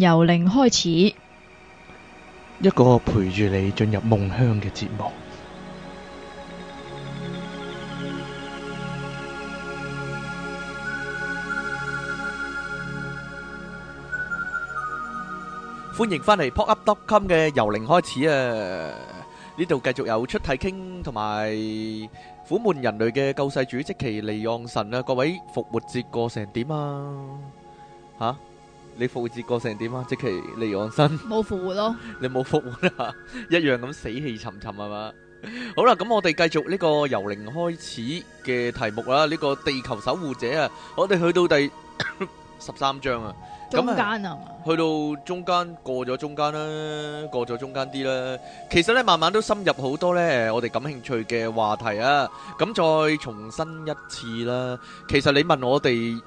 由零開始，一個陪住你進入夢鄉嘅節目。歡迎返嚟 PopUp.com 嘅由零開始啊！呢度繼續有出題傾同埋苦悶人類嘅救世主，即其離盎神啊！各位復活節過成點啊？吓！你復活節過成點啊？即係李昂生冇復活咯，你冇復活啦，一樣咁死氣沉沉係嘛？好啦，咁我哋繼續呢個由零開始嘅題目啦，呢個地球守護者啊，我哋去到第十三章啊，中間啊，去到中間過咗中間啦，過咗中間啲啦，其實咧慢慢都深入好多咧，我哋感興趣嘅話題啊，咁再重申一次啦。其實你問我哋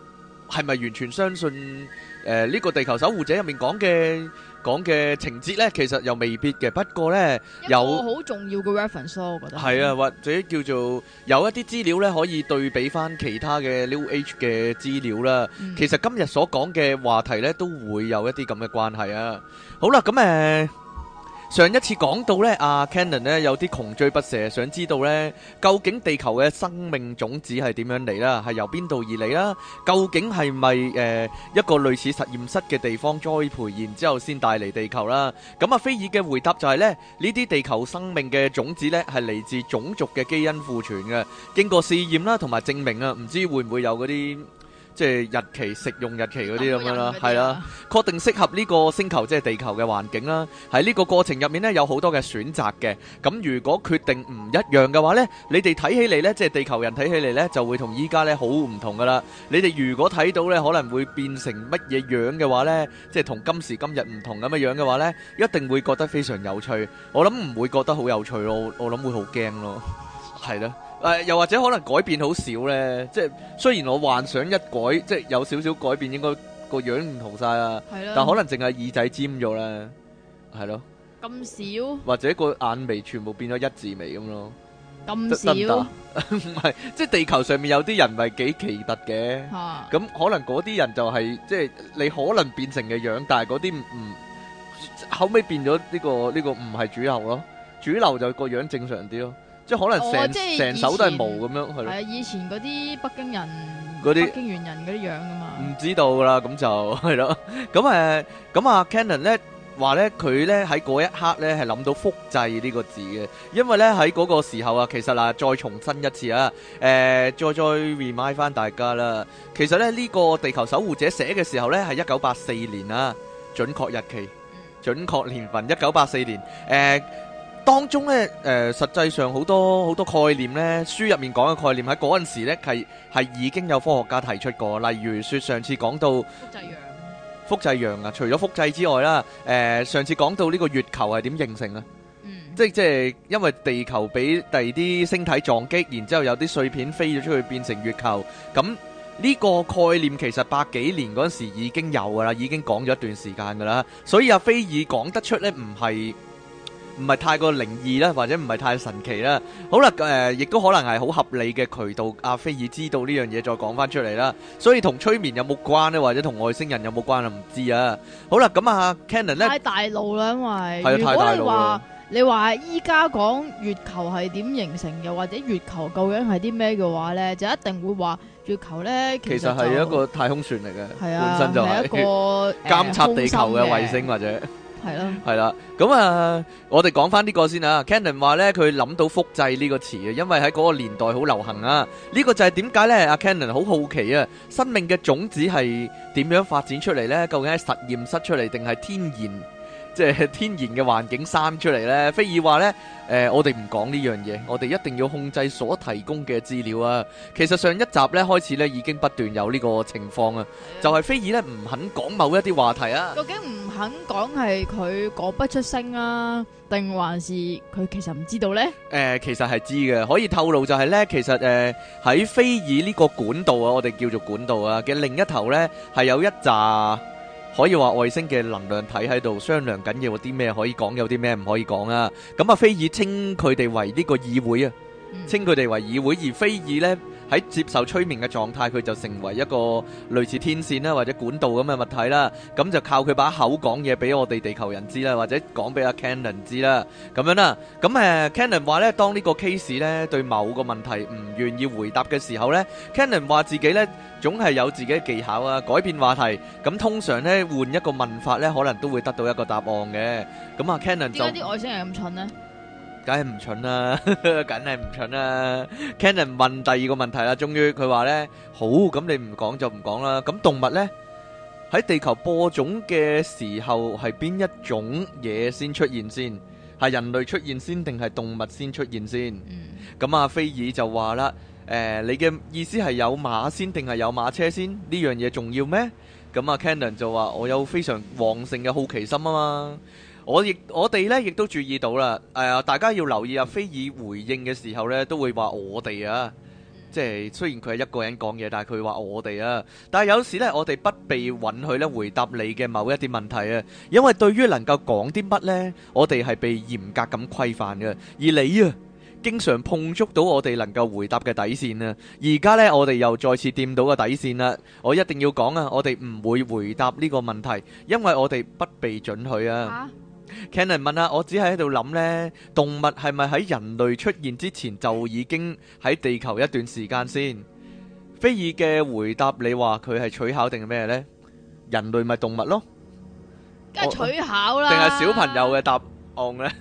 係咪完全相信？誒，呢個地球守護者入面講嘅講嘅情節呢，其實又未必嘅。不過呢有一個好重要嘅 reference，我覺得係啊，或者叫做有一啲資料呢可以對比翻其他嘅 New Age 嘅資料啦。其實今日所講嘅話題呢都會有一啲咁嘅關係啊。好啦，咁誒。上一次講到咧，阿、啊、Cannon 咧有啲窮追不捨，想知道咧究竟地球嘅生命種子係點樣嚟啦？係由邊度而嚟啦？究竟係咪誒一個類似實驗室嘅地方栽培，然之後先帶嚟地球啦？咁、啊、阿菲爾嘅回答就係、是、咧，呢啲地球生命嘅種子咧係嚟自種族嘅基因庫存嘅，經過試驗啦，同埋證明啊，唔知會唔會有嗰啲。即係日期、食用日期嗰啲咁樣啦，係啦，確定適合呢個星球，即係地球嘅環境啦。喺呢個過程入面呢，有好多嘅選擇嘅。咁如果決定唔一樣嘅話呢，你哋睇起嚟呢，即係地球人睇起嚟呢，就會同依家呢好唔同噶啦。你哋如果睇到呢，可能會變成乜嘢樣嘅話呢，即係同今時今日唔同咁嘅樣嘅話呢，一定會覺得非常有趣。我諗唔會覺得好有趣咯，我諗會好驚咯，係喇。誒、呃，又或者可能改變好少呢？即係雖然我幻想一改，即係有少少改變應該，應該個樣唔同晒啦。了但可能淨係耳仔尖咗咧，係咯。咁少？或者個眼眉全部變咗一字眉咁咯。咁少？唔係， 即係地球上面有啲人咪幾奇特嘅。咁 可能嗰啲人就係、是，即係你可能變成嘅樣，但係嗰啲唔後尾變咗呢、這個呢、這個唔係主流咯，主流就個樣正常啲咯。即係可能成成手都係毛咁樣係咯，係啊！以前嗰啲北京人、嗰啲北京猿人嗰啲樣噶嘛，唔知道啦，咁就係咯。咁誒咁阿 Cannon 咧話咧佢咧喺嗰一刻咧係諗到複製呢個字嘅，因為咧喺嗰個時候啊，其實啊再重申一次啊，誒再再 remind 翻大家啦，其實咧呢個地球守護者寫嘅時候咧係一九八四年啊，準確日期、準確年份一九八四年誒。當中呢，誒、呃，實際上好多好多概念呢，書入面講嘅概念喺嗰陣時呢係係已經有科學家提出過，例如說上次講到複製羊，複製羊啊，除咗複製之外啦，誒、呃，上次講到呢個月球係點形成呢？嗯，即係因為地球俾第二啲星體撞擊，然後之後有啲碎片飛咗出去變成月球，咁呢個概念其實百幾年嗰陣時已經有噶啦，已經講咗一段時間噶啦，所以阿、啊、菲爾講得出呢，唔係。唔係太過靈異啦，或者唔係太神奇啦。好啦，誒、呃，亦都可能係好合理嘅渠道。阿菲爾知道呢樣嘢再講翻出嚟啦。所以同催眠有冇關呢？或者同外星人有冇關啊？唔知啊。好啦，咁啊，Cannon 呢太大路啦，因為對如果話你話依家講月球係點形成，又或者月球究竟係啲咩嘅話呢，就一定會話月球呢，其實係一個太空船嚟嘅，啊、本身就係、是、一個、欸、監察地球嘅衛星深或者。 係咯，係啦，咁 啊、嗯嗯，我哋講翻呢個先啊。Cannon 話呢，佢諗到複製呢個詞啊，因為喺嗰個年代好流行啊。呢、這個就係點解呢？阿 Cannon 好好奇啊，生命嘅種子係點樣發展出嚟呢？究竟喺實驗室出嚟定係天然，即、就、係、是、天然嘅環境生出嚟呢？飛爾話呢。誒、呃，我哋唔講呢樣嘢，我哋一定要控制所提供嘅資料啊。其實上一集咧開始咧已經不斷有呢個情況啊，嗯、就係菲爾咧唔肯講某一啲話題啊。究竟唔肯講係佢講不出聲啊，定還是佢其實唔知道呢？誒、呃，其實係知嘅，可以透露就係咧，其實誒喺、呃、菲爾呢個管道啊，我哋叫做管道啊嘅另一頭咧係有一紮，可以話外星嘅能量體喺度商量緊嘢，有啲咩可以講，有啲咩唔可以講啊？咁阿菲爾稱佢哋為呢個議會啊，嗯、稱佢哋為議會，而菲爾呢。喺接受催眠嘅狀態，佢就成為一個類似天線啦，或者管道咁嘅物體啦。咁就靠佢把口講嘢俾我哋地球人知啦，或者講俾阿 Cannon 知啦。咁樣啦。咁誒，Cannon 話咧，當呢個 case 咧對某個問題唔願意回答嘅時候咧，Cannon 話自己咧總係有自己嘅技巧啊，改變話題。咁通常咧換一個問法咧，可能都會得到一個答案嘅。咁阿 Cannon 就點解啲外星人咁蠢咧？梗係唔蠢啦，梗係唔蠢啦。Cannon 問第二個問題啦，終於佢話咧：好，咁你唔講就唔講啦。咁動物咧喺地球播種嘅時候係邊一種嘢先出現先？係人類出現先定係動物先出現先？咁阿菲爾就話啦：誒，你嘅意思係有馬先定係有馬車先？呢樣嘢重要咩？咁阿 Cannon 就話：我有非常旺盛嘅好奇心啊嘛。我亦我哋咧，亦都注意到啦。誒，大家要留意阿菲爾回應嘅時候咧，都會話我哋啊。即係雖然佢係一個人講嘢，但係佢話我哋啊。但係有時咧，我哋不被允許咧回答你嘅某一啲問題啊。因為對於能夠講啲乜呢，我哋係被嚴格咁規範嘅。而你啊，經常碰觸到我哋能夠回答嘅底線啊。而家呢，我哋又再次掂到個底線啦。我一定要講啊，我哋唔會回答呢個問題，因為我哋不被准許啊。Canine 問啊，我只喺度諗呢，動物係咪喺人類出現之前就已經喺地球一段時間先？菲爾嘅回答，你話佢係取巧定係咩呢？人類咪動物咯，梗係取巧啦，定係小朋友嘅答。戇嘅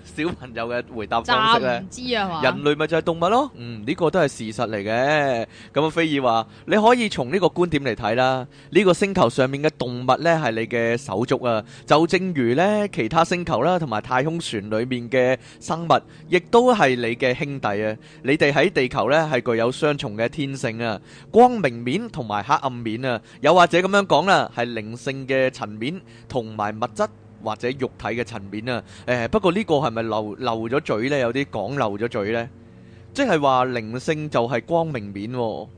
小朋友嘅回答方式呢，人類咪就係動物咯。嗯，呢個都係事實嚟嘅。咁啊，菲爾話你可以從呢個觀點嚟睇啦。呢個星球上面嘅動物呢係你嘅手足啊。就正如呢其他星球啦，同埋太空船裏面嘅生物，亦都係你嘅兄弟啊。你哋喺地球呢係具有雙重嘅天性啊，光明面同埋黑暗面啊。又或者咁樣講啦，係靈性嘅層面同埋物質。或者肉體嘅層面啊，誒、呃、不過呢個係咪漏漏咗嘴呢？有啲講漏咗嘴呢，即係話靈性就係光明面、哦，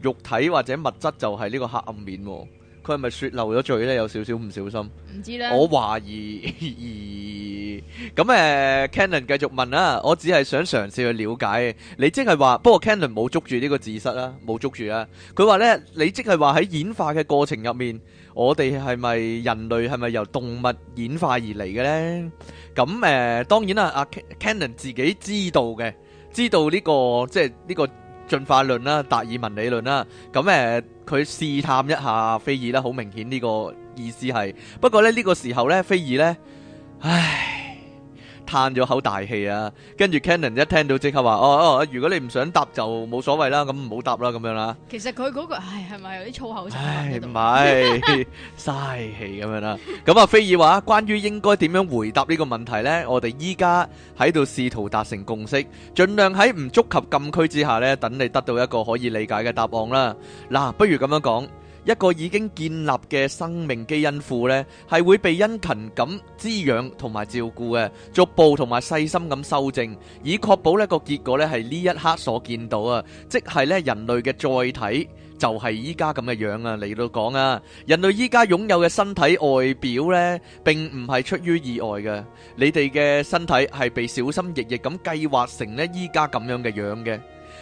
肉體或者物質就係呢個黑暗面、哦。佢係咪説漏咗嘴呢？有少少唔小心，唔知咧。我懷疑。咁 誒、嗯呃、，Kennan 繼續問啦、啊，我只係想嘗試去了解。你即係話，不過 Kennan 冇捉住呢個字失啦，冇捉住啊。佢話呢，你即係話喺演化嘅過程入面。我哋係咪人類係咪由動物演化而嚟嘅咧？咁誒、呃，當然啦，阿、啊、Ken 自己知道嘅，知道呢、這個即係呢個進化論啦、達爾文理論啦。咁誒，佢、呃、試探一下菲爾啦，好明顯呢個意思係。不過咧，呢、這個時候咧，菲爾咧，唉。嘆咗口大氣啊，跟住 Cannon 一聽到即刻話：哦哦，如果你唔想答就冇所謂啦，咁唔好答啦，咁樣啦。其實佢嗰句，唉，係咪有啲粗口先？唉，唔係嘥氣咁樣啦。咁啊，菲爾話：關於應該點樣回答呢個問題呢，我哋依家喺度試圖達成共識，盡量喺唔觸及禁區之下呢，等你得到一個可以理解嘅答案啦。嗱，不如咁樣講。一個已經建立嘅生命基因庫咧，係會被殷勤咁滋養同埋照顧嘅，逐步同埋細心咁修正，以確保呢個結果咧係呢一刻所見到啊，即係咧，人類嘅載體就係依家咁嘅樣啊！嚟到講啊，人類依家擁有嘅身體外表咧，並唔係出於意外嘅，你哋嘅身體係被小心翼翼咁計劃成咧依家咁樣嘅樣嘅。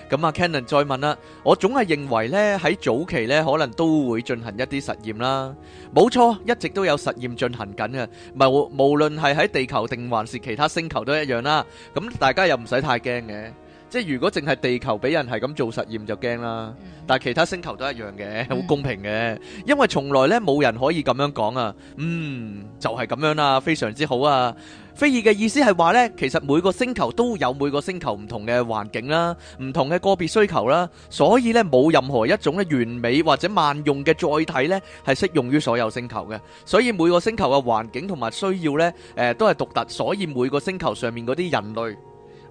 咁啊，Cannon 再問啦，我總係認為咧，喺早期咧，可能都會進行一啲實驗啦。冇錯，一直都有實驗進行緊嘅，係無論係喺地球定還是其他星球都一樣啦。咁大家又唔使太驚嘅。即係如果淨係地球俾人係咁做實驗就驚啦，但係其他星球都一樣嘅，好公平嘅。因為從來咧冇人可以咁樣講啊，嗯，就係咁樣啦，非常之好啊。菲爾嘅意思係話咧，其實每個星球都有每個星球唔同嘅環境啦，唔同嘅個別需求啦，所以咧冇任何一種咧完美或者萬用嘅載體咧係適用於所有星球嘅。所以每個星球嘅環境同埋需要咧，誒都係獨特，所以每個星球上面嗰啲人類。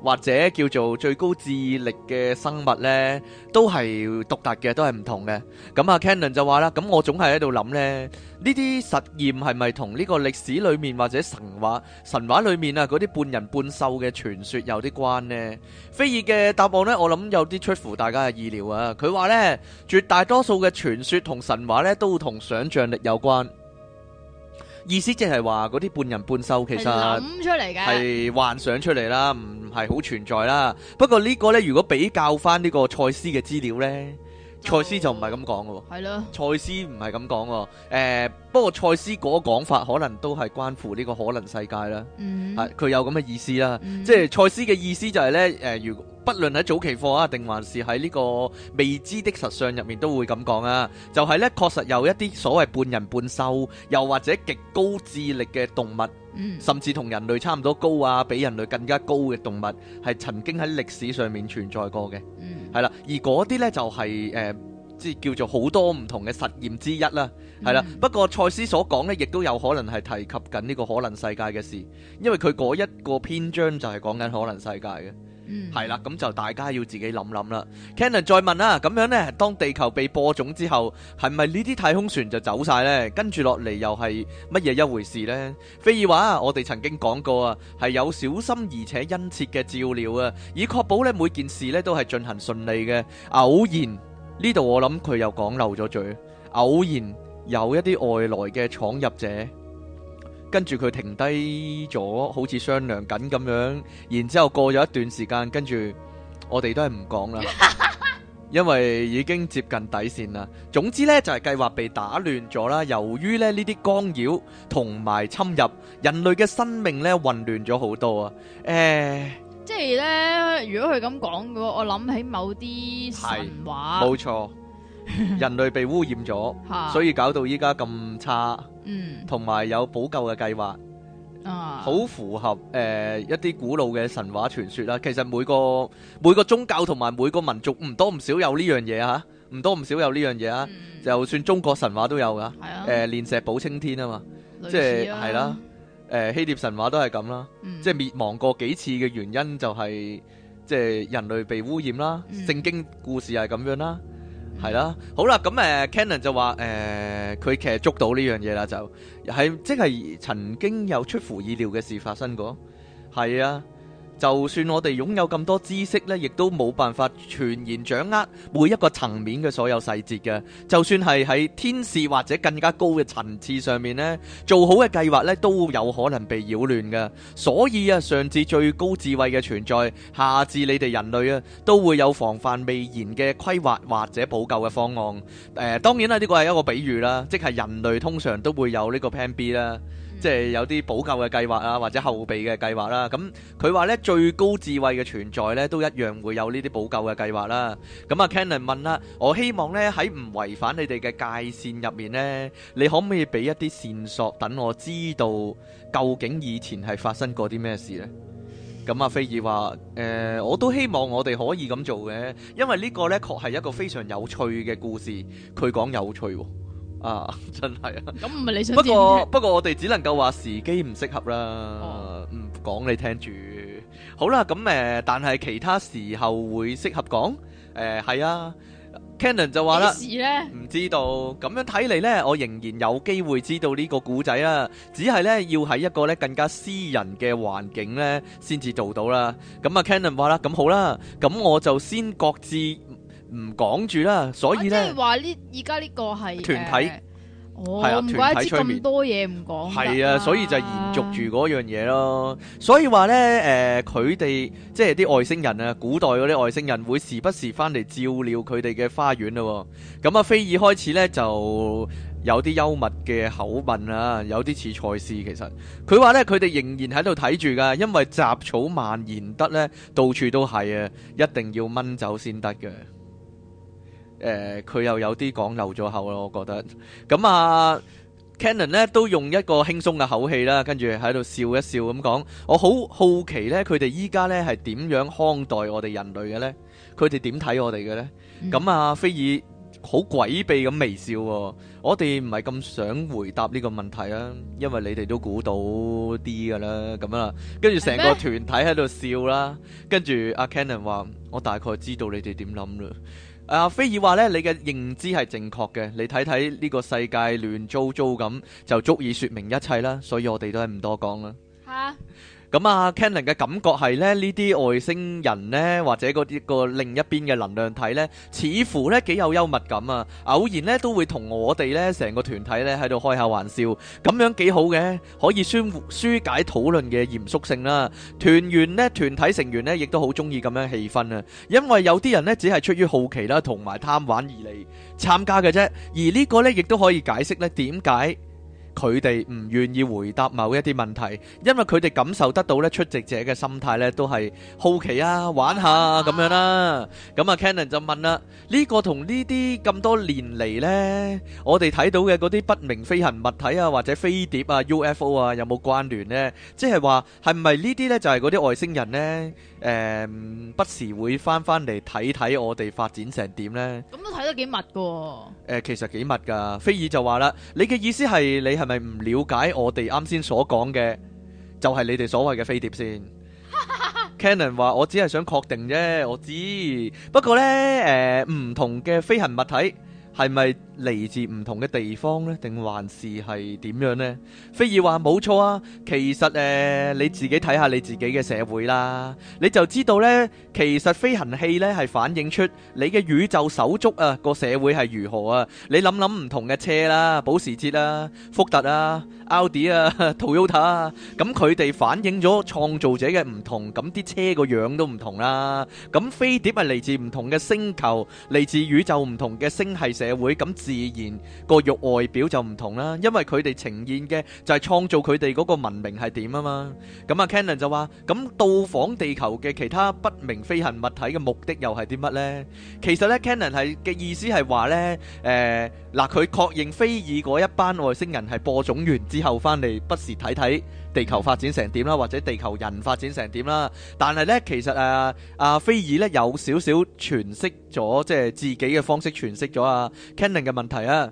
或者叫做最高智力嘅生物呢，都係獨特嘅，都係唔同嘅。咁阿 Canon 就話啦，咁我總係喺度諗呢，呢啲實驗係咪同呢個歷史裏面或者神話神話裏面啊嗰啲半人半獸嘅傳說有啲關呢？菲爾嘅答案呢，我諗有啲出乎大家嘅意料啊！佢話呢，絕大多數嘅傳說同神話呢，都同想象力有關。意思即係話，嗰啲半人半獸，其實諗出嚟嘅係幻想出嚟啦，唔係好存在啦。不過呢個呢，如果比較返呢個賽斯嘅資料呢。賽斯就唔係咁講嘅喎，係咯、嗯，賽斯唔係咁講喎，不過賽斯嗰講法可能都係關乎呢個可能世界啦，係佢、嗯啊、有咁嘅意思啦，嗯、即係賽斯嘅意思就係咧，如、呃，不論喺早期課啊，定還是喺呢個未知的實相入面，都會咁講啊，就係咧確實有一啲所謂半人半獸，又或者極高智力嘅動物。甚至同人類差唔多高啊，比人類更加高嘅動物係曾經喺歷史上面存在過嘅，係啦。 而嗰啲呢，就係、是、誒，即、呃、係叫做好多唔同嘅實驗之一啦，係啦。 不過賽斯所講呢，亦都有可能係提及緊呢個可能世界嘅事，因為佢嗰一個篇章就係講緊可能世界嘅。係啦，咁 就大家要自己諗諗啦。Cannon 再問啦、啊，咁樣呢，當地球被播種之後，係咪呢啲太空船就走晒呢？跟住落嚟又係乜嘢一回事呢？非爾話，我哋曾經講過啊，係有小心而且殷切嘅照料啊，以確保呢每件事呢都係進行順利嘅。偶然呢度我諗佢又講漏咗嘴，偶然有一啲外來嘅闖入者。跟住佢停低咗，好似商量緊咁樣。然之後過咗一段時間，跟住我哋都係唔講啦，因為已經接近底線啦。總之呢，就係計劃被打亂咗啦。由於呢呢啲干擾同埋侵入，人類嘅生命呢混亂咗好多啊。誒，即係呢，如果佢咁講嘅話，我諗起某啲神話，冇錯。人類被污染咗，所以搞到依家咁差，同埋有補救嘅計劃，好符合誒一啲古老嘅神話傳說啦。其實每個每個宗教同埋每個民族唔多唔少有呢樣嘢吓，唔多唔少有呢樣嘢啊。就算中國神話都有噶，誒煉石補青天啊嘛，即係係啦，誒希臘神話都係咁啦，即係滅亡過幾次嘅原因就係即係人類被污染啦。聖經故事係咁樣啦。係啦，好啦，咁、嗯、誒，Canon 就話誒，佢、呃、其實捉到呢樣嘢啦，就係即係曾經有出乎意料嘅事發生過，係啊。就算我哋擁有咁多知識咧，亦都冇辦法全然掌握每一個層面嘅所有細節嘅。就算係喺天使或者更加高嘅層次上面咧，做好嘅計劃咧都有可能被擾亂嘅。所以啊，上至最高智慧嘅存在，下至你哋人類啊，都會有防範未然嘅規劃或者補救嘅方案。誒、呃，當然啦，呢個係一個比喻啦，即係人類通常都會有呢個 Plan B 啦。即係有啲補救嘅計劃啊，或者後備嘅計劃啦、啊。咁佢話呢，最高智慧嘅存在呢，都一樣會有呢啲補救嘅計劃啦、啊。咁、嗯、啊，Cannon 問啦，我希望呢喺唔違反你哋嘅界線入面呢，你可唔可以俾一啲線索等我知道，究竟以前係發生過啲咩事呢？咁、嗯、啊，菲爾話：誒、呃，我都希望我哋可以咁做嘅，因為呢個呢，確係一個非常有趣嘅故事。佢講有趣喎、哦。啊，真係啊！咁唔係你想知？不過不過，不過我哋只能夠話時機唔適合啦。唔講、哦、你聽住。好啦，咁誒、呃，但係其他時候會適合講。誒、呃，係啊。Cannon 就話啦，唔知道。咁樣睇嚟咧，我仍然有機會知道呢個故仔啊。只係咧，要喺一個咧更加私人嘅環境咧，先至做到啦。咁、嗯、啊，Cannon 話啦，咁、嗯、好啦，咁我就先各自。唔講住啦，所以咧，即係話呢，而家呢個係團體，我唔、哦啊、怪知咁多嘢，唔講。係啊，所以就延續住嗰樣嘢咯。所以話咧，誒、呃，佢哋即係啲外星人啊，古代嗰啲外星人會時不時翻嚟照料佢哋嘅花園咯。咁啊，菲爾開始咧就有啲幽默嘅口吻啊，有啲似賽斯。其實佢話咧，佢哋仍然喺度睇住噶，因為雜草蔓延得咧，到處都係啊，一定要掹走先得嘅。誒佢、呃、又有啲講漏咗口咯，我覺得。咁啊，Canon 咧都用一個輕鬆嘅口氣啦，跟住喺度笑一笑咁講。我好好奇咧，佢哋依家咧係點樣看待我哋人類嘅咧？佢哋點睇我哋嘅咧？咁、嗯、啊，菲爾好詭秘咁微笑、哦。我哋唔係咁想回答呢個問題啊，因為你哋都估到啲㗎啦，咁啊。跟住成個團體喺度笑啦。跟住阿 Canon 話：我大概知道你哋點諗嘞。Uh, 菲爾話咧，你嘅認知係正確嘅，你睇睇呢個世界亂糟糟咁，就足以說明一切啦，所以我哋都係唔多講啦。吓。咁啊，Cannon 嘅感覺係呢，呢啲外星人呢，或者嗰啲，嗰個另一邊嘅能量體呢，似乎呢幾有幽默感啊！偶然呢都會同我哋呢成個團體呢喺度開下玩笑，咁樣幾好嘅，可以舒舒解討論嘅嚴肅性啦。團員呢，團體成員呢，亦都好中意咁樣氣氛啊，因為有啲人呢，只係出於好奇啦，同埋貪玩而嚟參加嘅啫。而呢個呢，亦都可以解釋呢點解佢哋唔願意回答某一啲問題，因為佢哋感受得到咧出席者嘅心態咧都係好奇啊、玩下咁樣啦、啊。咁、嗯、啊，Cannon 就問啦：呢、呢個同呢啲咁多年嚟呢？我哋睇到嘅嗰啲不明飛行物體啊，或者飛碟啊、UFO 啊，有冇關聯呢？即係話係咪呢啲呢？係係就係嗰啲外星人呢？誒、嗯，不時會返返嚟睇睇我哋發展成點呢？咁都睇得幾密噶？誒、呃，其實幾密噶。菲爾就話啦：你嘅意思係你係？係咪唔了解我哋啱先所講嘅，就係、是、你哋所謂嘅飛碟先。 Canon 話：我只係想確定啫，我知。不過呢，誒、呃、唔同嘅飛行物體。係咪嚟自唔同嘅地方咧？定還是係點樣咧？菲爾話冇錯啊！其實誒，你自己睇下你自己嘅社會啦，你就知道咧。其實飛行器咧係反映出你嘅宇宙手足啊個社會係如何啊！你諗諗唔同嘅車啦，保時捷啊、福特啊、Audi 啊、Toyota 啊，咁佢哋反映咗創造者嘅唔同，咁啲車個樣都唔同啦。咁飛碟係嚟自唔同嘅星球，嚟自宇宙唔同嘅星系社。社會，咁自然個肉外表就唔同啦，因為佢哋呈現嘅就係創造佢哋嗰個文明係點啊嘛。咁啊，Cannon 就話：咁到訪地球嘅其他不明飛行物體嘅目的又係啲乜呢？其實呢，Cannon 係嘅意思係話呢，誒嗱，佢確認飛爾嗰一班外星人係播種完之後翻嚟，不時睇睇，地球發展成點啦，或者地球人發展成點啦，但係呢，其實誒阿飛兒呢有少少詮釋咗，即係自己嘅方式詮釋咗啊 Cannon 嘅問題啊。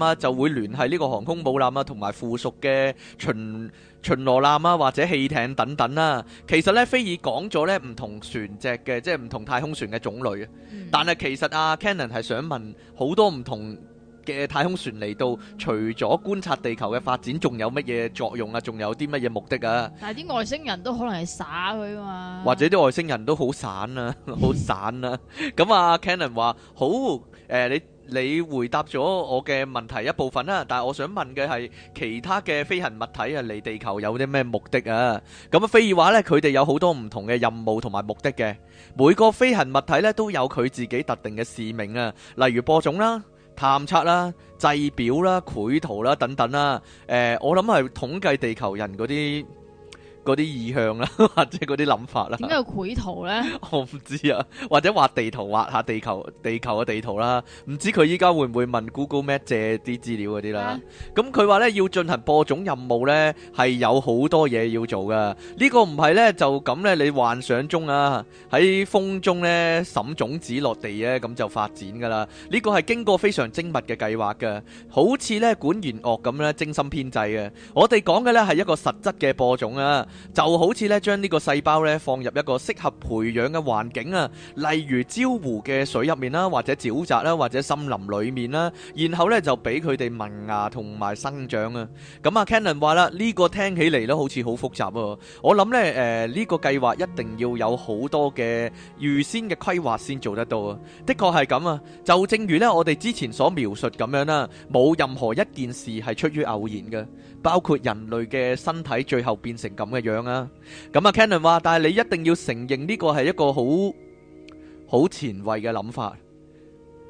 啊，就會聯繫呢個航空母艦啊，同埋附屬嘅巡巡邏艦啊，或者汽艇等等啦。其實咧，菲爾講咗咧，唔同船隻嘅，即係唔同太空船嘅種類啊。但係其實啊，Cannon 係想問好多唔同嘅太空船嚟到，除咗觀察地球嘅發展，仲有乜嘢作用啊？仲有啲乜嘢目的啊？但係啲外星人都可能係耍佢啊嘛。或者啲外星人都好散啊，好散啊。咁啊，Cannon 話好誒你。你回答咗我嘅問題一部分啦，但係我想問嘅係其他嘅飛行物體啊，嚟地球有啲咩目的啊？咁啊，飛語話呢，佢哋有好多唔同嘅任務同埋目的嘅，每個飛行物體咧都有佢自己特定嘅使命啊，例如播種啦、探測啦、製表啦、繪圖啦等等啦。誒、呃，我諗係統計地球人嗰啲。嗰啲意向啦，或者嗰啲諗法啦。點解繪圖咧？我唔知啊，或者畫地圖畫下地球，地球嘅地圖啦。唔知佢依家會唔會問 Google Map 借啲資料嗰啲啦，啊。咁佢話咧要進行播種任務咧，係有好多嘢要做噶。呢個唔係咧就咁咧，你幻想中啊喺風中咧審種子落地咧咁就發展噶啦。呢個係經過非常精密嘅計劃嘅，好似咧管弦樂咁咧精心編製嘅。我哋講嘅咧係一個實質嘅播種啊。就好似咧，將呢個細胞咧放入一個適合培養嘅環境啊，例如礁湖嘅水入面啦，或者沼澤啦，或者森林裏面啦，然後咧就俾佢哋萌芽同埋生長啊。咁啊，Cannon 話啦，呢個聽起嚟咧好似好複雜喎。我諗咧，誒、呃、呢個計劃一定要有好多嘅預先嘅規劃先做得到啊。的確係咁啊，就正如咧我哋之前所描述咁樣啦，冇任何一件事係出於偶然嘅，包括人類嘅身體最後變成咁嘅樣啊，咁啊 Cannon 話，但係你一定要承認呢個係一個好好前衛嘅諗法。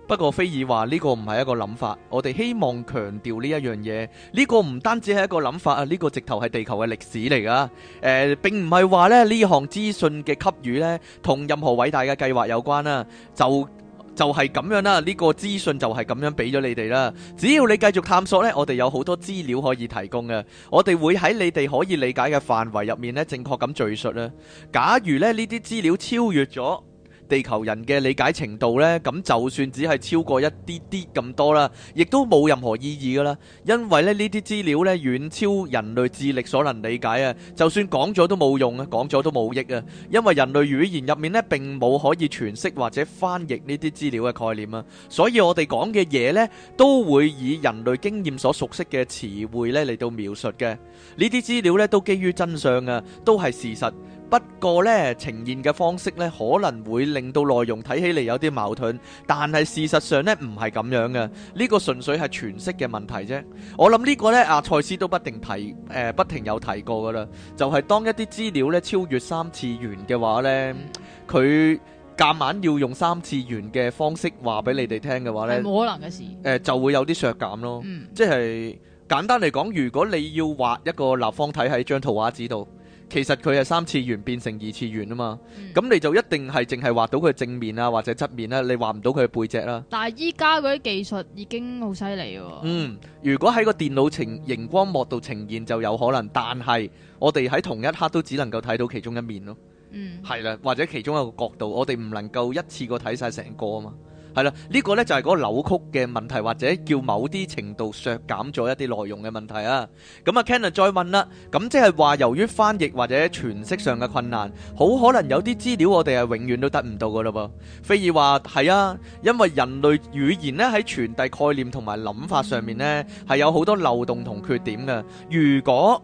不過菲爾話呢個唔係一個諗法，我哋希望強調呢一樣嘢，呢、這個唔單止係一個諗法啊，呢、這個直頭係地球嘅歷史嚟噶。誒、呃，並唔係話咧呢項資訊嘅給予呢，同任何偉大嘅計劃有關啦、啊，就。就係咁樣啦，呢個資訊就係咁樣俾咗你哋啦。只要你繼續探索呢，我哋有好多資料可以提供嘅。我哋會喺你哋可以理解嘅範圍入面呢，正確咁敘述啦。假如咧呢啲資料超越咗地球人嘅理解程度呢，咁就算只係超過一啲啲咁多啦，亦都冇任何意義噶啦。因為咧呢啲資料呢，遠超人類智力所能理解啊。就算講咗都冇用啊，講咗都冇益啊。因為人類語言入面呢，並冇可以詮釋或者翻譯呢啲資料嘅概念啊。所以我哋講嘅嘢呢，都會以人類經驗所熟悉嘅詞彙呢嚟到描述嘅。呢啲資料呢，都基於真相啊，都係事實。不過咧，呈現嘅方式咧，可能會令到內容睇起嚟有啲矛盾，但係事實上咧，唔係咁樣嘅，呢、這個純粹係詮釋嘅問題啫。我諗呢個咧，阿賽斯都不定提誒、呃，不停有提過噶啦，就係、是、當一啲資料咧，超越三次元嘅話咧，佢夾、嗯、硬要用三次元嘅方式話俾你哋聽嘅話咧，冇可能嘅事。誒、呃，就會有啲削減咯，嗯、即係簡單嚟講，如果你要畫一個立方體喺張圖畫紙度。其實佢係三次元變成二次元啊嘛，咁、嗯、你就一定係淨係畫到佢正面啊，或者側面啦、啊，你畫唔到佢背脊啦、啊。但係依家嗰啲技術已經好犀利喎。嗯，如果喺個電腦呈熒光幕度呈現就有可能，但係我哋喺同一刻都只能夠睇到其中一面咯。嗯，係啦，或者其中一個角度，我哋唔能夠一次過睇晒成個啊嘛。係啦，呢、這個呢就係嗰個扭曲嘅問題，或者叫某啲程度削減咗一啲內容嘅問題啊。咁、嗯、啊，Ken 又再問啦，咁即係話由於翻譯或者詮釋上嘅困難，好可能有啲資料我哋係永遠都得唔到噶咯噃。菲爾話係啊，因為人類語言呢喺傳遞概念同埋諗法上面呢，係有好多漏洞同缺點嘅。如果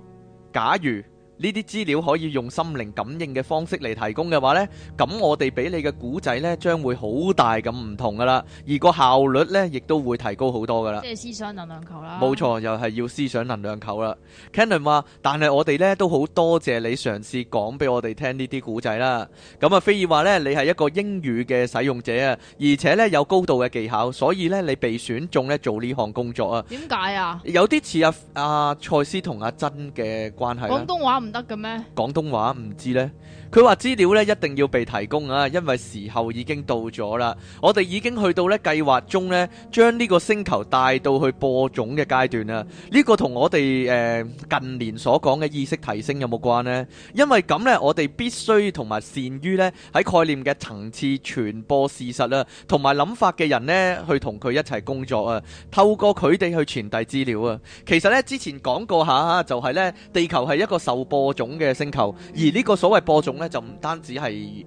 假如呢啲資料可以用心靈感應嘅方式嚟提供嘅話呢，咁我哋俾你嘅古仔呢，將會好大咁唔同噶啦，而個效率呢，亦都會提高好多噶啦。即係思想能量球啦。冇錯，又係要思想能量球啦。Canon 話，但係我哋呢，都好多謝你嘗試講俾我哋聽呢啲古仔啦。咁啊，菲爾話呢，你係一個英語嘅使用者啊，而且呢有高度嘅技巧，所以呢你被選中呢做呢項工作啊。點解啊？有啲似阿阿賽斯同阿、啊、珍嘅關係啦。廣東話唔？得嘅咩？廣東話唔知咧。佢話資料咧一定要被提供啊，因為時候已經到咗啦，我哋已經去到咧，計劃中咧，將呢個星球帶到去播種嘅階段啦。呢、這個同我哋誒、呃、近年所講嘅意識提升有冇關咧？因為咁咧，我哋必須同埋善於咧喺概念嘅層次傳播事實啊，同埋諗法嘅人咧去同佢一齊工作啊，透過佢哋去傳遞資料啊。其實咧之前講過下嚇，就係咧地球係一個受播種嘅星球，而呢個所謂播種。就唔單止係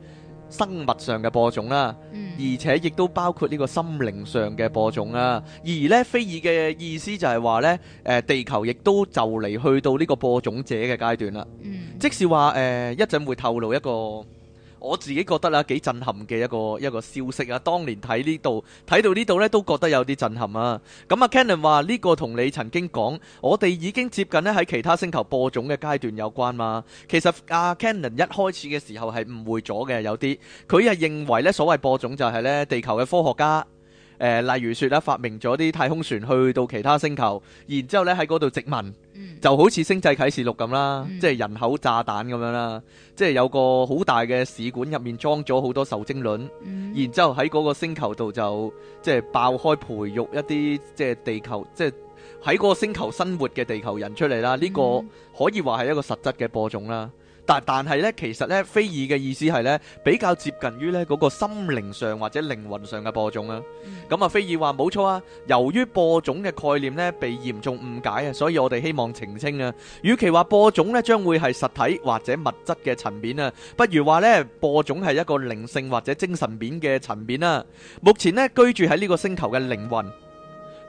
生物上嘅播種啦，mm. 而且亦都包括呢個心靈上嘅播種啦。而呢菲爾嘅意思就係話呢誒、呃、地球亦都就嚟去到呢個播種者嘅階段啦。Mm. 即使話誒一陣會透露一個。我自己覺得啦，幾震撼嘅一個一個消息啊！當年睇呢度睇到呢度呢，都覺得有啲震撼啊！咁啊，Cannon 話呢個同你曾經講，我哋已經接近呢喺其他星球播種嘅階段有關嘛。其實啊，Cannon 一開始嘅時候係誤會咗嘅有啲，佢係認為呢所謂播種就係呢地球嘅科學家。呃、例如説啦，發明咗啲太空船去到其他星球，然之後咧喺嗰度殖民，嗯、就好似《星際啟示錄》咁啦，嗯、即係人口炸彈咁樣啦，即係有個好大嘅試管入面裝咗好多受精卵，嗯、然之後喺嗰個星球度就即係爆開培育一啲即係地球，即係喺嗰個星球生活嘅地球人出嚟啦。呢、嗯、個可以話係一個實質嘅播種啦。但但係咧，其實咧，菲爾嘅意思係咧，比較接近於咧嗰個心靈上或者靈魂上嘅播種啊。咁、嗯、啊，菲爾話冇錯啊，由於播種嘅概念咧被嚴重誤解啊，所以我哋希望澄清啊。與其話播種咧將會係實體或者物質嘅層面啊，不如話咧播種係一個靈性或者精神面嘅層面啊。目前呢，居住喺呢個星球嘅靈魂，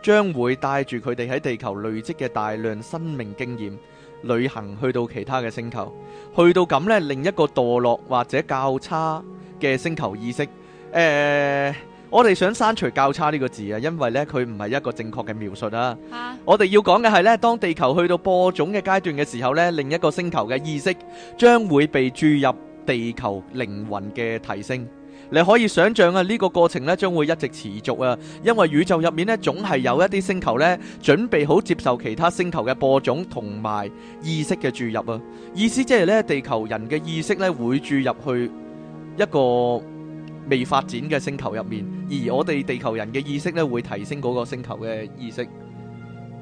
將會帶住佢哋喺地球累積嘅大量生命經驗。旅行去到其他嘅星球，去到咁呢，另一個墮落或者較差嘅星球意識。誒、呃，我哋想刪除較差呢個字啊，因為咧佢唔係一個正確嘅描述啊。啊，我哋要講嘅係咧，當地球去到播種嘅階段嘅時候咧，另一個星球嘅意識將會被注入地球靈魂嘅提升。你可以想象啊，呢個過程呢，將會一直持續啊，因為宇宙入面呢，總係有一啲星球呢，準備好接受其他星球嘅播種同埋意識嘅注入啊。意思即係呢，地球人嘅意識呢，會注入去一個未發展嘅星球入面，而我哋地球人嘅意識呢，會提升嗰個星球嘅意識。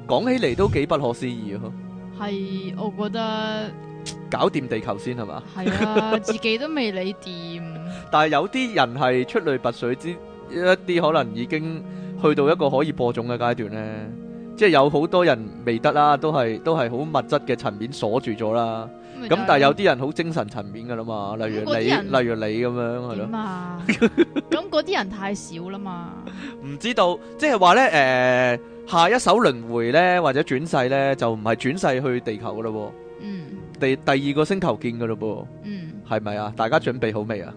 講起嚟都幾不可思議啊！係，我覺得。搞掂地球先係嘛？係啊，自己都未理掂。但係有啲人係出類拔萃之一啲，可能已經去到一個可以播種嘅階段咧。即係有好多人未得啦，都係都係好物質嘅層面鎖住咗啦。咁但係有啲人好精神層面噶啦嘛，例如你，例如你咁樣係咯。咁嗰啲人太少啦嘛。唔知道，即係話咧，誒，下一首輪迴咧，或者轉世咧，就唔係轉世去地球噶咯。第，第二個星球見噶咯噃，係咪 啊？大家準備好未啊？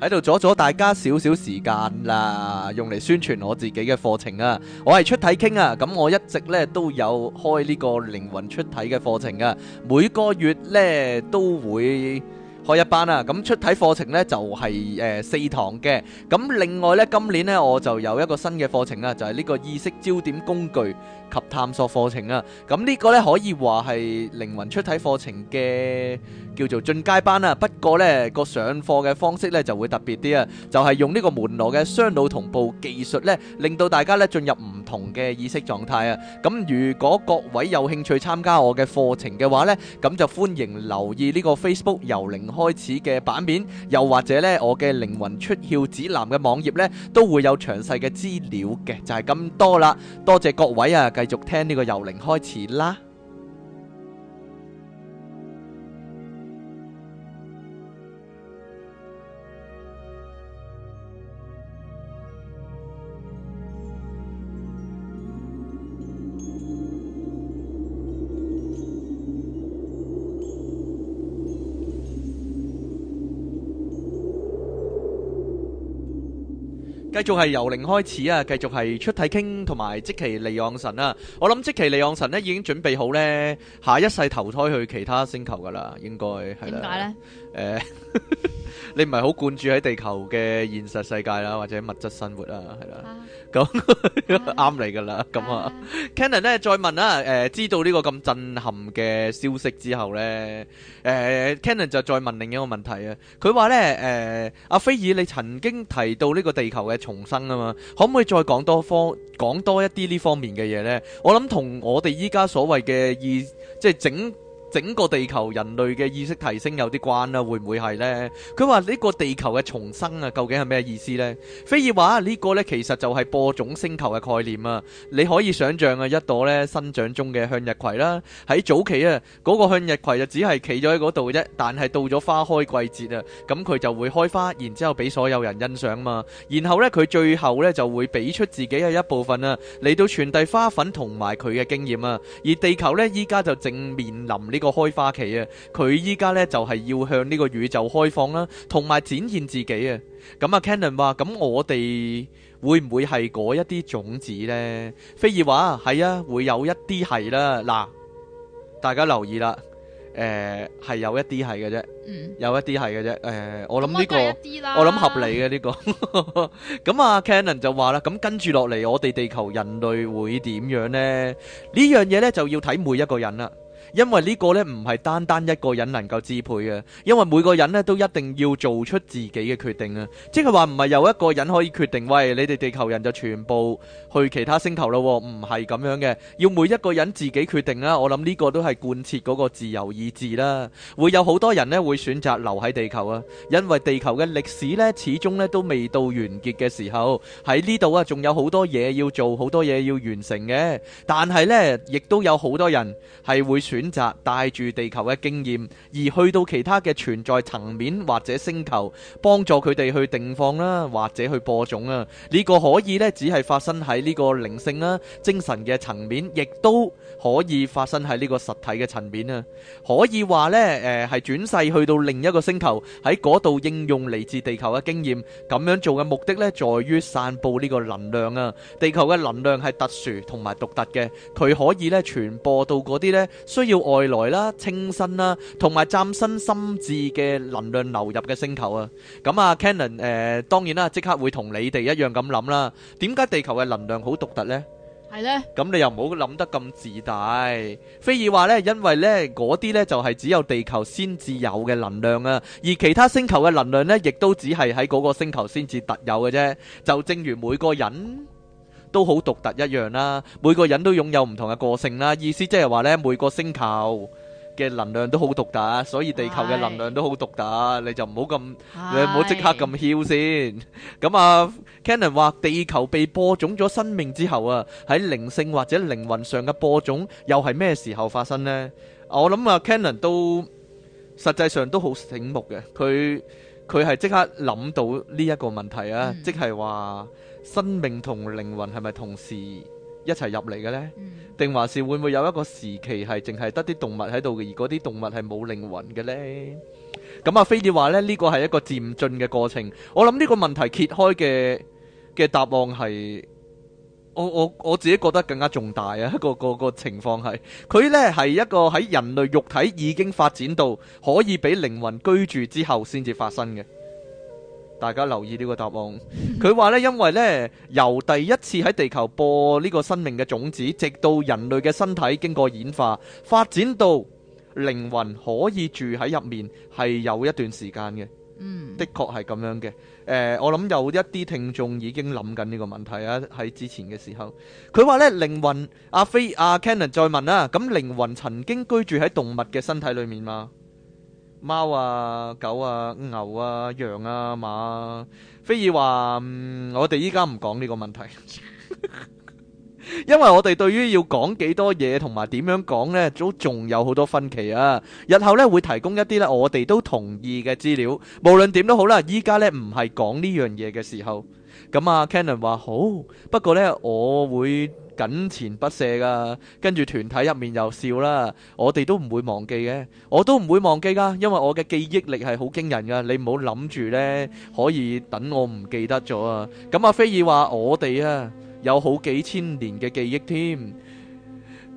喺度 阻咗大家少少時間啦，用嚟宣傳我自己嘅課程啊！我係出體傾啊，咁、嗯、我一直咧都有開呢個靈魂出體嘅課程啊，每個月咧都會。開一班啦，咁出體課程呢就係誒四堂嘅，咁另外呢今年呢我就有一個新嘅課程啦，就係呢個意識焦點工具及探索課程啊，咁呢個呢可以話係靈魂出體課程嘅叫做進階班啦，不過呢個上課嘅方式呢就會特別啲啊，就係用呢個門羅嘅雙腦同步技術呢，令到大家呢進入唔同嘅意識狀態啊，咁如果各位有興趣參加我嘅課程嘅話呢，咁就歡迎留意呢個 Facebook 由靈。開始嘅版面，又或者呢，我嘅靈魂出竅指南嘅網頁呢，都會有詳細嘅資料嘅，就係咁多啦。多謝各位啊，繼續聽呢個由零開始啦。繼續係由零開始啊！繼續係出體傾同埋即期利昂神啦、啊，我諗即期利昂神咧已經準備好呢下一世投胎去其他星球噶啦，應該係點解咧？ 你唔係好貫注喺地球嘅現實世界啦，或者物質生活啦，係啦，咁啱你㗎啦，咁啊，Cannon 咧再問啦、啊，誒、呃，知道呢個咁震撼嘅消息之後咧，誒、呃，Cannon 就再問另一個問題啊，佢話咧，誒、呃，阿菲爾你曾經提到呢個地球嘅重生啊嘛，可唔可以再講多方講多一啲呢方面嘅嘢咧？我諗同我哋依家所謂嘅二，即係整。整個地球人類嘅意識提升有啲關啦，會唔會係咧？佢話呢個地球嘅重生啊，究竟係咩意思咧？菲爾話呢個咧其實就係播種星球嘅概念啊！你可以想象啊，一朵咧生長中嘅向日葵啦，喺早期啊，嗰個向日葵就只係企咗喺度啫，但係到咗花開季節啊，咁佢就會開花，然之後俾所有人欣賞嘛。然後咧佢最後咧就會俾出自己嘅一部分啊，嚟到傳遞花粉同埋佢嘅經驗啊。而地球咧依家就正面臨呢。呢個開花期啊，佢依家呢就係要向呢個宇宙開放啦、啊，同埋展現自己啊。咁、嗯嗯、啊，Cannon 話咁，我哋會唔會係嗰一啲種子呢？菲爾話係啊，會有一啲係啦。嗱，大家留意啦，誒，係有一啲係嘅啫，有一啲係嘅啫。誒，我諗呢個我諗合理嘅呢個、 嗯。咁啊，Cannon 就話啦，咁、嗯、跟住落嚟，我哋地球人類會點樣呢？呢樣嘢呢，就要睇每一個人啦。因為呢個咧唔係單單一個人能夠支配嘅，因為每個人咧都一定要做出自己嘅決定啊！即係話唔係有一個人可以決定，喂，你哋地球人就全部去其他星球咯，唔係咁樣嘅，要每一個人自己決定啦，我諗呢個都係貫徹嗰個自由意志啦。會有好多人咧會選擇留喺地球啊，因為地球嘅歷史咧始終咧都未到完結嘅時候，喺呢度啊仲有好多嘢要做，好多嘢要完成嘅。但係咧亦都有好多人係會選。選擇帶住地球嘅經驗，而去到其他嘅存在層面或者星球，幫助佢哋去定放啦、啊，或者去播種啊。呢、這個可以咧，只係發生喺呢個靈性啦、啊，精神嘅層面，亦都，可以發生喺呢個實體嘅層面啊，可以話咧誒係轉世去到另一個星球，喺嗰度應用嚟自地球嘅經驗，咁樣做嘅目的咧，在於散佈呢個能量啊。地球嘅能量係特殊同埋獨特嘅，佢可以咧傳播到嗰啲咧需要外來啦、清新啦同埋浸身心智嘅能量流入嘅星球啊。咁啊，Cannon 誒當然啦，即刻會同你哋一樣咁諗啦。點解地球嘅能量好獨特咧？係咧，咁你又唔好諗得咁自大。非爾話呢，因為呢嗰啲呢就係、是、只有地球先至有嘅能量啊，而其他星球嘅能量呢，亦都只係喺嗰個星球先至特有嘅啫。就正如每個人都好獨特一樣啦，啊，每個人都擁有唔同嘅個性啦，啊。意思即係話呢，每個星球嘅能量都好獨特，所以地球嘅能量都好獨特。你就唔好咁，你唔好即刻咁囂先。咁 啊，Cannon 話地球被播種咗生命之後啊，喺靈性或者靈魂上嘅播種又係咩時候發生呢？嗯、我諗啊，Cannon 都實際上都好醒目嘅，佢佢係即刻諗到呢一個問題啊，嗯、即係話生命同靈魂係咪同時？一齊入嚟嘅呢，定、嗯、還是會唔會有一個時期係淨係得啲動物喺度，嘅，而嗰啲動物係冇靈魂嘅呢？咁阿菲爾話呢，呢個係一個漸進嘅過程。我諗呢個問題揭開嘅嘅答案係我我我自己覺得更加重大啊。個個個一個個個情況係佢呢係一個喺人類肉體已經發展到可以俾靈魂居住之後先至發生嘅。大家留意呢個答案，佢話呢，因為呢，由第一次喺地球播呢個生命嘅種子，直到人類嘅身體經過演化發展到靈魂可以住喺入面，係有一段時間嘅。嗯，的確係咁樣嘅。誒、呃，我諗有一啲聽眾已經諗緊呢個問題啊。喺之前嘅時候，佢話呢，靈魂阿飛阿、啊、Cannon 再問啦、啊，咁靈魂曾經居住喺動物嘅身體裏面嗎？貓啊、狗啊、牛啊、羊啊、馬啊，菲爾話、嗯：我哋依家唔講呢個問題， 因為我哋對於要講幾多嘢，同埋點樣講呢，都仲有好多分歧啊。日後呢，會提供一啲呢我哋都同意嘅資料，無論點都好啦。依家呢唔係講呢樣嘢嘅時候，咁啊，Cannon 話好，不過呢我會。緊纏不捨噶，跟住團體入面又笑啦，我哋都唔會忘記嘅，我都唔會忘記噶，因為我嘅記憶力係好驚人噶，你唔好諗住呢，可以等我唔記得咗、嗯、啊、啊！咁阿菲爾話我哋啊有好幾千年嘅記憶添，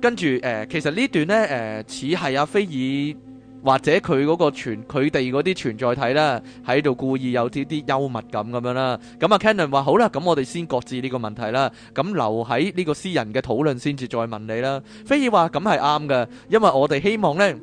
跟住誒、呃，其實呢段呢，誒、呃、似係阿、啊、菲爾。或者佢嗰存佢哋嗰啲存在體啦，喺度故意有啲啲幽默感咁樣啦。咁啊，Cannon 話好啦，咁我哋先擱置呢個問題啦，咁留喺呢個私人嘅討論先至再問你啦。非爾話：咁係啱㗎，因為我哋希望呢。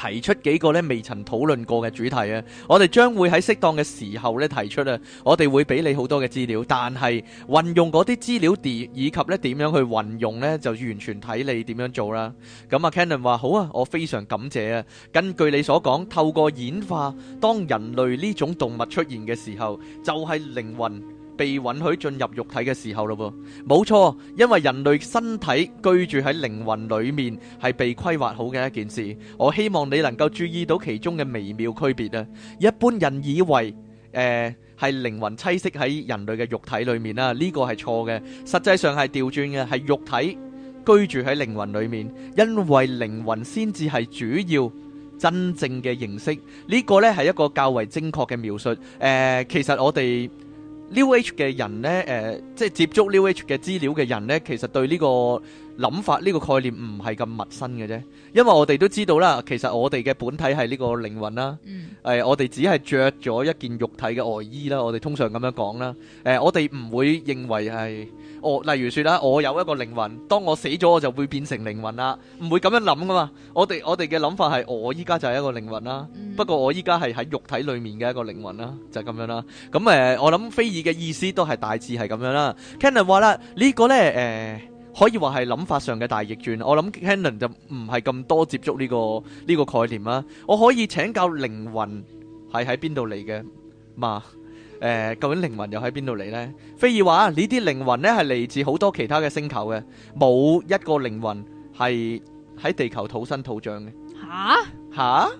提出幾個咧未曾討論過嘅主題啊！我哋將會喺適當嘅時候咧提出啊！我哋會俾你好多嘅資料，但係運用嗰啲資料以及咧點樣去運用咧，就完全睇你點樣做啦。咁啊 Cannon 話：「好啊，我非常感謝啊！根據你所講，透過演化，當人類呢種動物出現嘅時候，就係、是、靈魂，被允許進入肉體嘅時候咯，冇錯，因為人類身體居住喺靈魂裏面係被規劃好嘅一件事。我希望你能夠注意到其中嘅微妙區別啊。一般人以為誒係靈魂棲息喺人類嘅肉體裏面啦，呢個係錯嘅。實際上係調轉嘅，係肉體居住喺靈魂裏面，因為靈魂先至係主要真正嘅形式。呢個呢係一個較為精確嘅描述。誒、呃，其實我哋。New H 嘅人呢，誒、uh，即係接觸 New H 嘅資料嘅人呢，其實對呢、這個諗法呢個概念唔係咁陌生嘅啫，因為我哋都知道啦，其實我哋嘅本體係呢個靈魂啦，誒、嗯呃，我哋只係着咗一件肉體嘅外、呃、衣啦，我哋通常咁樣講啦，誒、呃，我哋唔會認為係、哎、我，例如説啦，我有一個靈魂，當我死咗，我就會變成靈魂啦，唔會咁樣諗噶嘛，我哋我哋嘅諗法係我依家就係一個靈魂啦，嗯、不過我依家係喺肉體裡面嘅一個靈魂啦，就係、是、咁樣啦，咁、嗯、誒、呃，我諗非爾嘅意思都係大致係咁樣啦。Cannon 話啦，這個、呢個咧誒。呃呃可以話係諗法上嘅大逆轉。我諗 Cannon 就唔係咁多接觸呢個呢個概念啦。我可以請教靈魂係喺邊度嚟嘅嘛？誒、呃，究竟靈魂又喺邊度嚟呢？菲爾話：呢啲靈魂咧係嚟自好多其他嘅星球嘅，冇一個靈魂係喺地球土生土長嘅。嚇嚇哈，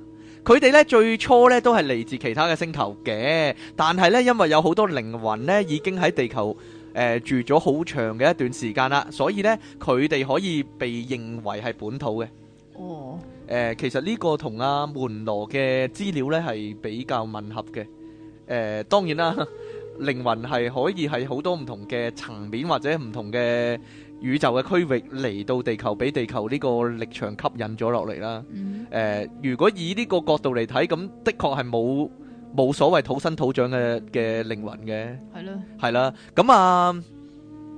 佢哋咧最初咧都係嚟自其他嘅星球嘅，但係咧因為有好多靈魂咧已經喺地球。呃、住咗好長嘅一段時間啦，所以呢，佢哋可以被認為係本土嘅。哦，誒，其實呢個同阿、啊、門羅嘅資料呢係比較吻合嘅。誒、呃，當然啦，靈魂係可以係好多唔同嘅層面或者唔同嘅宇宙嘅區域嚟到地球，俾地球呢個力場吸引咗落嚟啦。誒、mm hmm. 呃，如果以呢個角度嚟睇，咁的確係冇。冇所謂土生土長嘅嘅靈魂嘅，係咯，係啦，咁啊，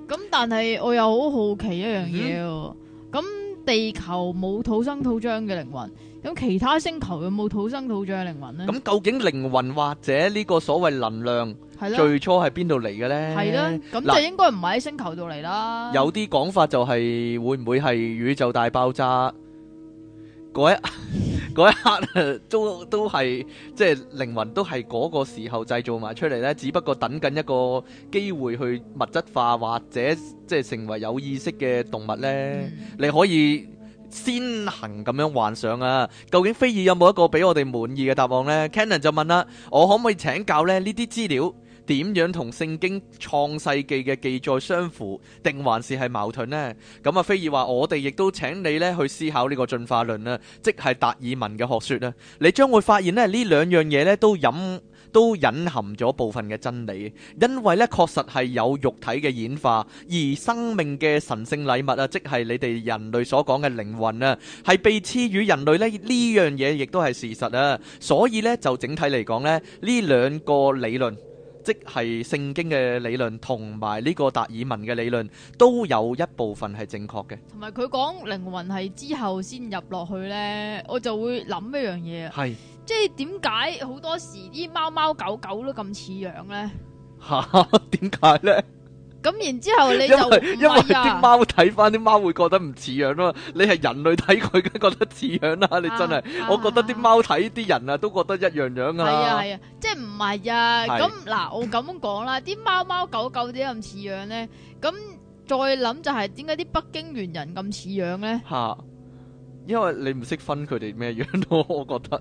咁但係我又好好奇一樣嘢，咁地球冇土生土長嘅靈魂，咁其他星球有冇土生土長嘅靈魂呢？咁究竟靈魂或者呢個所謂能量，係咧最初係邊度嚟嘅呢？係咧，咁就應該唔係喺星球度嚟啦。有啲講法就係會唔會係宇宙大爆炸嗰一？嗰一 刻都都係即係靈魂，都係個時候製造埋出嚟咧。只不過等緊一個機會去物質化，或者即係成為有意識嘅動物咧。你可以先行咁樣幻想啊。究竟飛爾有冇一個俾我哋滿意嘅答案咧？Canon 就問啦：我可唔可以請教咧？呢啲資料？點樣同聖經創世紀嘅記載相符，定還是係矛盾呢？咁啊，菲爾話我哋亦都請你咧去思考呢個進化論啊，即係達爾文嘅學說啊。」你將會發現咧呢兩樣嘢咧都隱都隱含咗部分嘅真理，因為咧確實係有肉體嘅演化，而生命嘅神聖禮物啊，即係你哋人類所講嘅靈魂啊，係被賜予人類呢。呢樣嘢，亦都係事實啊。所以咧就整體嚟講咧呢兩個理論。即係聖經嘅理論同埋呢個達爾文嘅理論都有一部分係正確嘅。同埋佢講靈魂係之後先入落去呢，我就會諗一樣嘢啊。係，即係點解好多時啲貓貓狗狗都咁似樣呢？吓，點解呢？咁然之後你就因為啲貓睇翻啲貓會覺得唔似樣咯，你係人類睇佢梗覺得似樣啦，啊，啊、你真係，啊、我覺得啲貓睇啲人啊，啊都覺得一樣樣啊。係啊係啊，即係唔係啊？咁嗱是，我咁樣講啦，啲貓貓狗狗點解咁似樣咧？咁再諗就係點解啲北京猿人咁似樣咧？吓、啊，因為你唔識分佢哋咩樣咯，我覺得。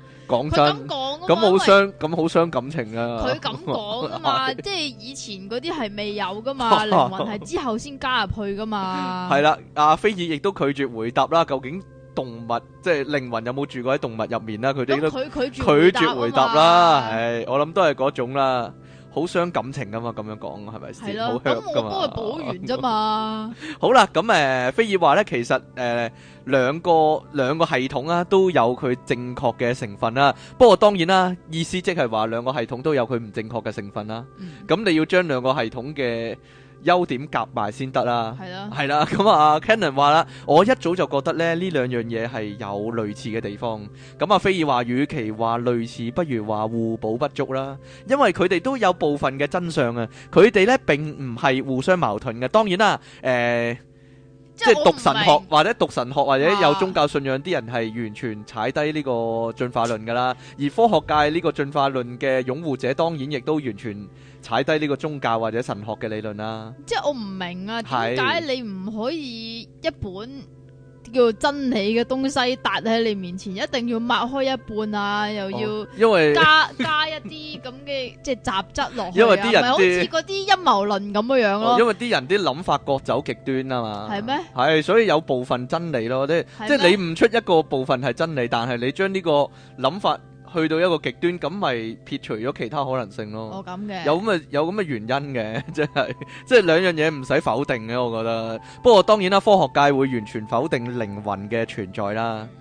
講真，佢咁講咁好傷，咁好為傷感情啊！佢咁講啊嘛， 即係以前嗰啲係未有噶嘛， 靈魂係之後先加入去噶嘛。係啦， 阿、啊、菲爾亦都拒絕回答啦。究竟動物即係靈魂有冇住過喺動物入面啦？佢哋都拒拒絕回答啦。唉，我諗都係嗰種啦。好傷感情噶嘛，咁樣講係咪先？咁我都係補完啫嘛。好啦，咁誒，菲爾話咧，其實誒，兩個兩個系統啊，都有佢正確嘅成分啦。不過當然啦，意思即係話兩個系統都有佢唔正確嘅成分啦。咁你要將兩個系統嘅。優點夾埋先得啦，係啦，係 啦，咁啊 Cannon 話啦，我一早就覺得咧，呢兩樣嘢係有類似嘅地方，咁啊，菲爾話，與其話類似，不如話互補不足啦，因為佢哋都有部分嘅真相啊，佢哋咧並唔係互相矛盾嘅，當然啦，誒、呃。即係讀神學或者讀神學或者有宗教信仰啲人係完全踩低呢個進化論㗎啦， 而科學界呢個進化論嘅擁護者當然亦都完全踩低呢個宗教或者神學嘅理論啦。即係我唔明啊，點解是你唔可以一本叫真理嘅東西達喺你面前，一定要抹開一半啊，又要加加一啲咁嘅即係雜質落去，因為啲人啲唔係好似嗰啲陰謀論咁嘅樣咯、啊哦。因為啲人啲諗法各走極端啊嘛。係咩嗎？係，所以有部分真理咯，嗎即係即係你唔出一個部分係真理，但係你將呢個諗法。去到一個極端，咁咪撇除咗其他可能性咯。有咁嘅有咁嘅原因嘅，即係即係兩樣嘢唔使否定嘅，我覺得。不過當然啦，科學界會完全否定靈魂嘅存在啦。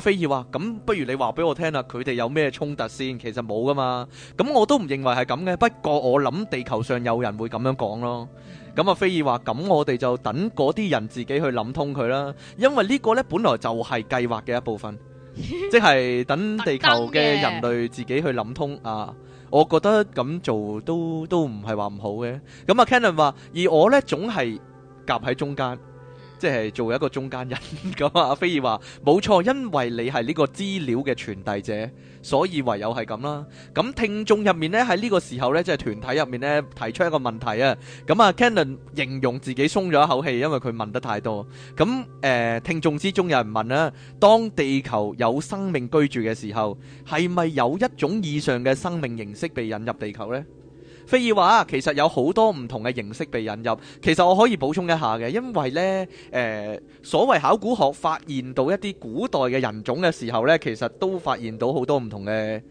菲爾話：咁不如你話俾我聽啦，佢哋有咩衝突先？其實冇噶嘛。咁我都唔認為係咁嘅。不過我諗地球上有人會咁樣講咯。咁啊，菲爾話：咁我哋就等嗰啲人自己去諗通佢啦。因為呢個呢，本來就係計劃嘅一部分，即係等地球嘅人類自己去諗通啊。我覺得咁做都都唔係話唔好嘅。咁啊，Cannon 話：而我呢，總係夾喺中間。即係做一個中間人咁啊菲，飛兒話：冇錯，因為你係呢個資料嘅傳遞者，所以唯有係咁啦。咁聽眾入面呢，喺呢個時候呢，即係團體入面呢，提出一個問題啊！咁啊 Cannon 形容自己鬆咗一口氣，因為佢問得太多。咁誒、呃，聽眾之中有人問啊：當地球有生命居住嘅時候，係咪有一種以上嘅生命形式被引入地球呢？」菲爾話啊，其實有好多唔同嘅形式被引入。其實我可以補充一下嘅，因為呢，誒，所謂考古學發現到一啲古代嘅人種嘅時候呢，其實都發現到好多唔同嘅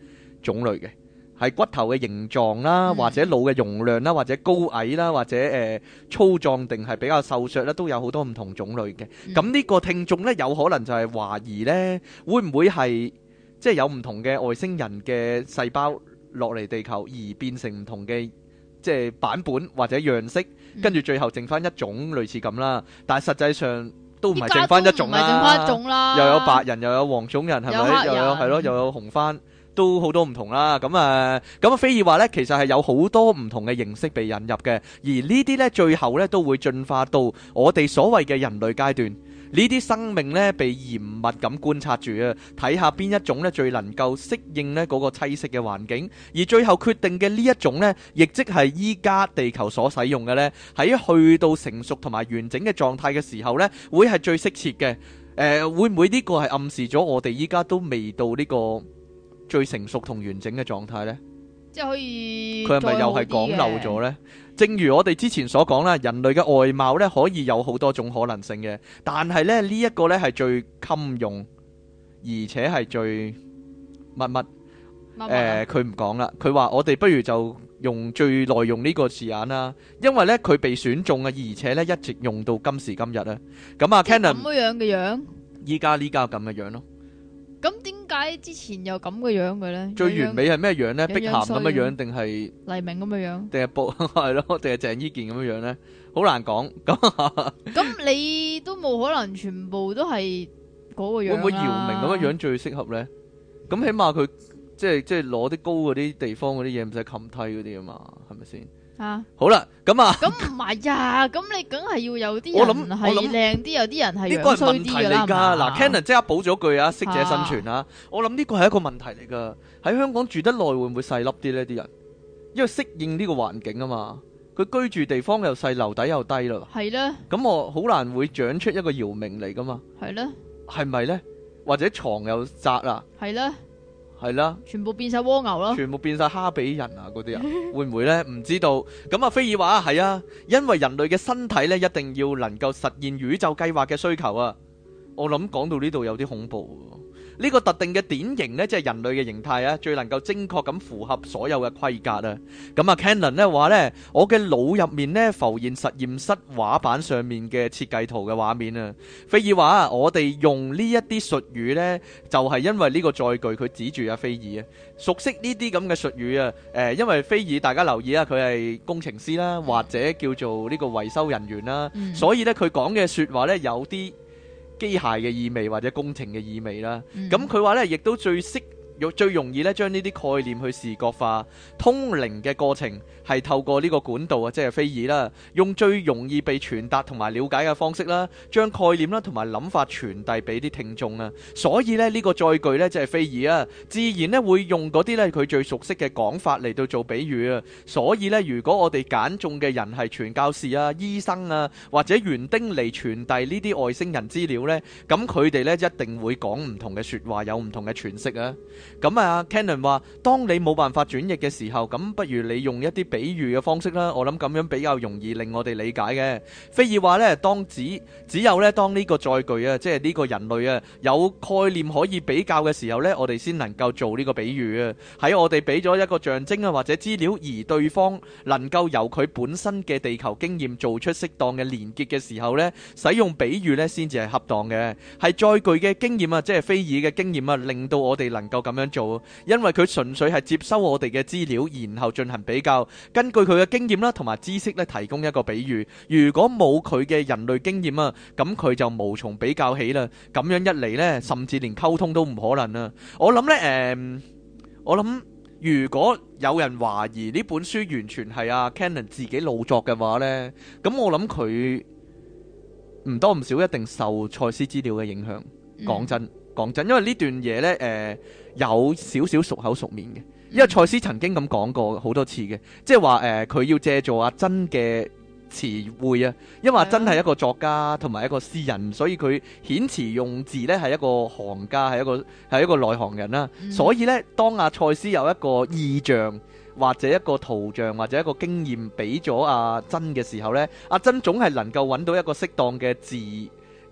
種類嘅，係骨頭嘅形狀啦，或者腦嘅容量啦，或者高矮啦，或者誒粗壯定係比較瘦削咧，都有好多唔同種類嘅。咁呢個聽眾呢，有可能就係懷疑呢，會唔會係即係有唔同嘅外星人嘅細胞，落嚟地球而變成唔同嘅即係版本或者樣式，跟住最後剩翻一種類似咁啦。但係實際上都唔係剩翻一種啦，剩翻一種啦，又有白人，又有黃種人，係咪？又有係咯，又有紅番，都好多唔同啦。咁啊，咁啊，菲爾話咧，其實係有好多唔同嘅形式被引入嘅，而呢啲咧最後咧都會進化到我哋所謂嘅人類階段。呢啲生命呢，被嚴密咁觀察住啊，睇下邊一種呢最能夠適應呢嗰個棲息嘅環境，而最後決定嘅呢一種呢，亦即係依家地球所使用嘅呢，喺去到成熟同埋完整嘅狀態嘅時候呢，會係最適切嘅。誒、呃，會唔會呢個係暗示咗我哋依家都未到呢個最成熟同完整嘅狀態呢？即係可以。佢係咪又係講漏咗呢？正如我哋之前所講啦，人類嘅外貌咧可以有好多種可能性嘅，但係咧呢一個咧係最襟用，而且係最密密。誒，佢唔講啦，佢話我哋不如就用最耐用呢個字眼啦，因為咧佢被選中嘅，而且咧一直用到今時今日啊。咁啊，Canon 咁樣嘅樣，依家呢家咁嘅樣咯。咁點解之前有咁嘅樣嘅咧？最完美係咩樣咧？碧咸咁嘅樣，定係黎明咁嘅樣，定係博係咯，定係鄭伊健咁嘅樣咧？好難講。咁咁你都冇可能全部都係嗰個樣。會唔會姚明咁嘅樣最適合咧？咁起碼佢即係即係攞啲高嗰啲地方嗰啲嘢，唔使冚梯嗰啲啊嘛，係咪先？啊，好啦，咁、嗯、啊，咁唔係呀，咁 你梗係要有啲人係靚啲，有啲人係樣衰啲噶啦。嗱吧，Canon 即刻補咗句啊，適者生存啊！啊我諗呢個係一個問題嚟噶。喺香港住得耐會唔會細粒啲呢啲人，因為適應呢個環境啊嘛，佢居住地方又細，樓底又低咯。係咧呢。咁我好難會長出一個姚明嚟噶嘛。係咧呢。係咪咧？或者床又窄啦。係咧呢。係啦，全部變晒蝸牛咯，全部變晒哈比人啊，嗰啲人啊， 會唔會呢？唔知道。咁、嗯、啊，菲爾話係啊，因為人類嘅身體咧，一定要能夠實現宇宙計劃嘅需求啊。我諗講到呢度有啲恐怖，啊。呢個特定嘅典型咧，即係人類嘅形態啊，最能夠精確咁符合所有嘅規格啊。咁啊，Canon 咧話咧，我嘅腦入面咧浮現實驗室畫板上面嘅設計圖嘅畫面啊。菲爾話啊，我哋用呢一啲術語咧，就係因為呢個載具，佢指住阿菲爾啊。熟悉呢啲咁嘅術語啊，誒，因為菲爾，大家留意啊，佢係工程師啦，或者叫做呢個維修人員啦，所以咧佢講嘅説話咧有啲。機械嘅意味或者工程嘅意味啦，咁佢話咧，亦都最適。最容易咧，將呢啲概念去視覺化。通靈嘅過程係透過呢個管道啊，即係非爾啦，用最容易被傳達同埋了解嘅方式啦，將概念啦同埋諗法傳遞俾啲聽眾啊。所以咧，這個、呢個載具咧即係非爾啊，自然咧會用嗰啲咧佢最熟悉嘅講法嚟到做比喻啊。所以咧，如果我哋揀中嘅人係傳教士啊、醫生啊或者園丁嚟傳遞呢啲外星人資料咧，咁佢哋咧一定會講唔同嘅說話，有唔同嘅詮釋啊。咁啊，嗯，Cannon 話當你冇辦法轉譯嘅時候，咁不如你用一啲比喻嘅方式啦。我諗咁樣比較容易令我哋理解嘅。菲爾話咧，當只只有咧當呢個載具啊，即係呢個人類啊，有概念可以比較嘅時候咧，我哋先能夠做呢個比喻啊。喺我哋俾咗一個象徵啊或者資料，而對方能夠由佢本身嘅地球經驗做出適當嘅連結嘅時候咧，使用比喻咧先至係恰當嘅。係載具嘅經驗啊，即係菲爾嘅經驗啊，令到我哋能夠咁。咁樣做，因為佢純粹係接收我哋嘅資料，然後進行比較，根據佢嘅經驗啦，同埋知識咧，提供一個比喻。如果冇佢嘅人類經驗啊，咁佢就無從比較起啦。咁樣一嚟咧，甚至連溝通都唔可能啦。我諗咧，誒，我諗如果有人懷疑呢本書完全係阿 Cannon 自己老作嘅話咧，咁我諗佢唔多唔少一定受賽斯資料嘅影響。講真，講真，因為呢段嘢咧，誒。有少少熟口熟面嘅，因為蔡司曾經咁講過好多次嘅，即係話誒，佢、呃、要借助阿珍嘅詞彙啊，因為阿珍係一個作家同埋一個詩人，Yeah. 所以佢遣詞用字咧係一個行家，係一個係一個內行人啦、啊。Mm. 所以咧，當阿蔡司有一個意象或者一個圖像或者一個經驗俾咗阿珍嘅時候咧，阿珍總係能夠搵到一個適當嘅字。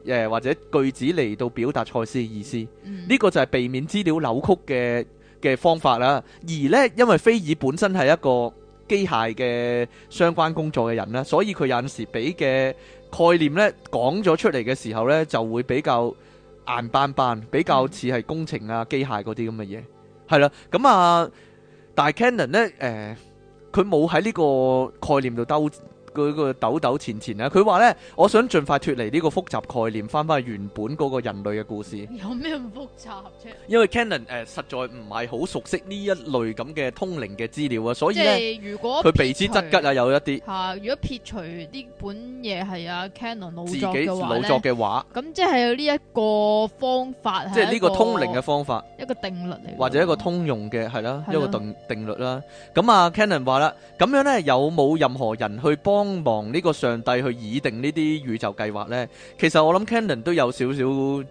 誒、呃、或者句子嚟到表達賽斯嘅意思，呢、嗯、個就係避免資料扭曲嘅嘅方法啦。而呢，因為菲爾本身係一個機械嘅相關工作嘅人啦，所以佢有陣時俾嘅概念呢，講咗出嚟嘅時候呢，就會比較硬邦邦，比較似係工程啊、機械嗰啲咁嘅嘢。係啦、嗯，咁啊、嗯，但係 Canon 呢，誒、呃，佢冇喺呢個概念度兜。佢個抖抖纏纏咧，佢話咧，我想盡快脫離呢個複雜概念，翻返去原本嗰個人類嘅故事。有咩咁複雜啫？因為 Cannon 誒、呃、實在唔係好熟悉呢一類咁嘅通靈嘅資料啊，所以咧，佢避之則吉啊，有一啲嚇、啊。如果撇除呢本嘢係啊 Cannon 自己老作嘅話，咁即係呢一個方法個，即係呢個通靈嘅方法，一個定律嚟，或者一個通用嘅係啦，啦一個定定律啦。咁啊 Cannon 話啦，咁、啊、樣咧有冇任何人去幫？希望呢個上帝去擬定呢啲宇宙計劃呢。其實我諗 Canon 都有少少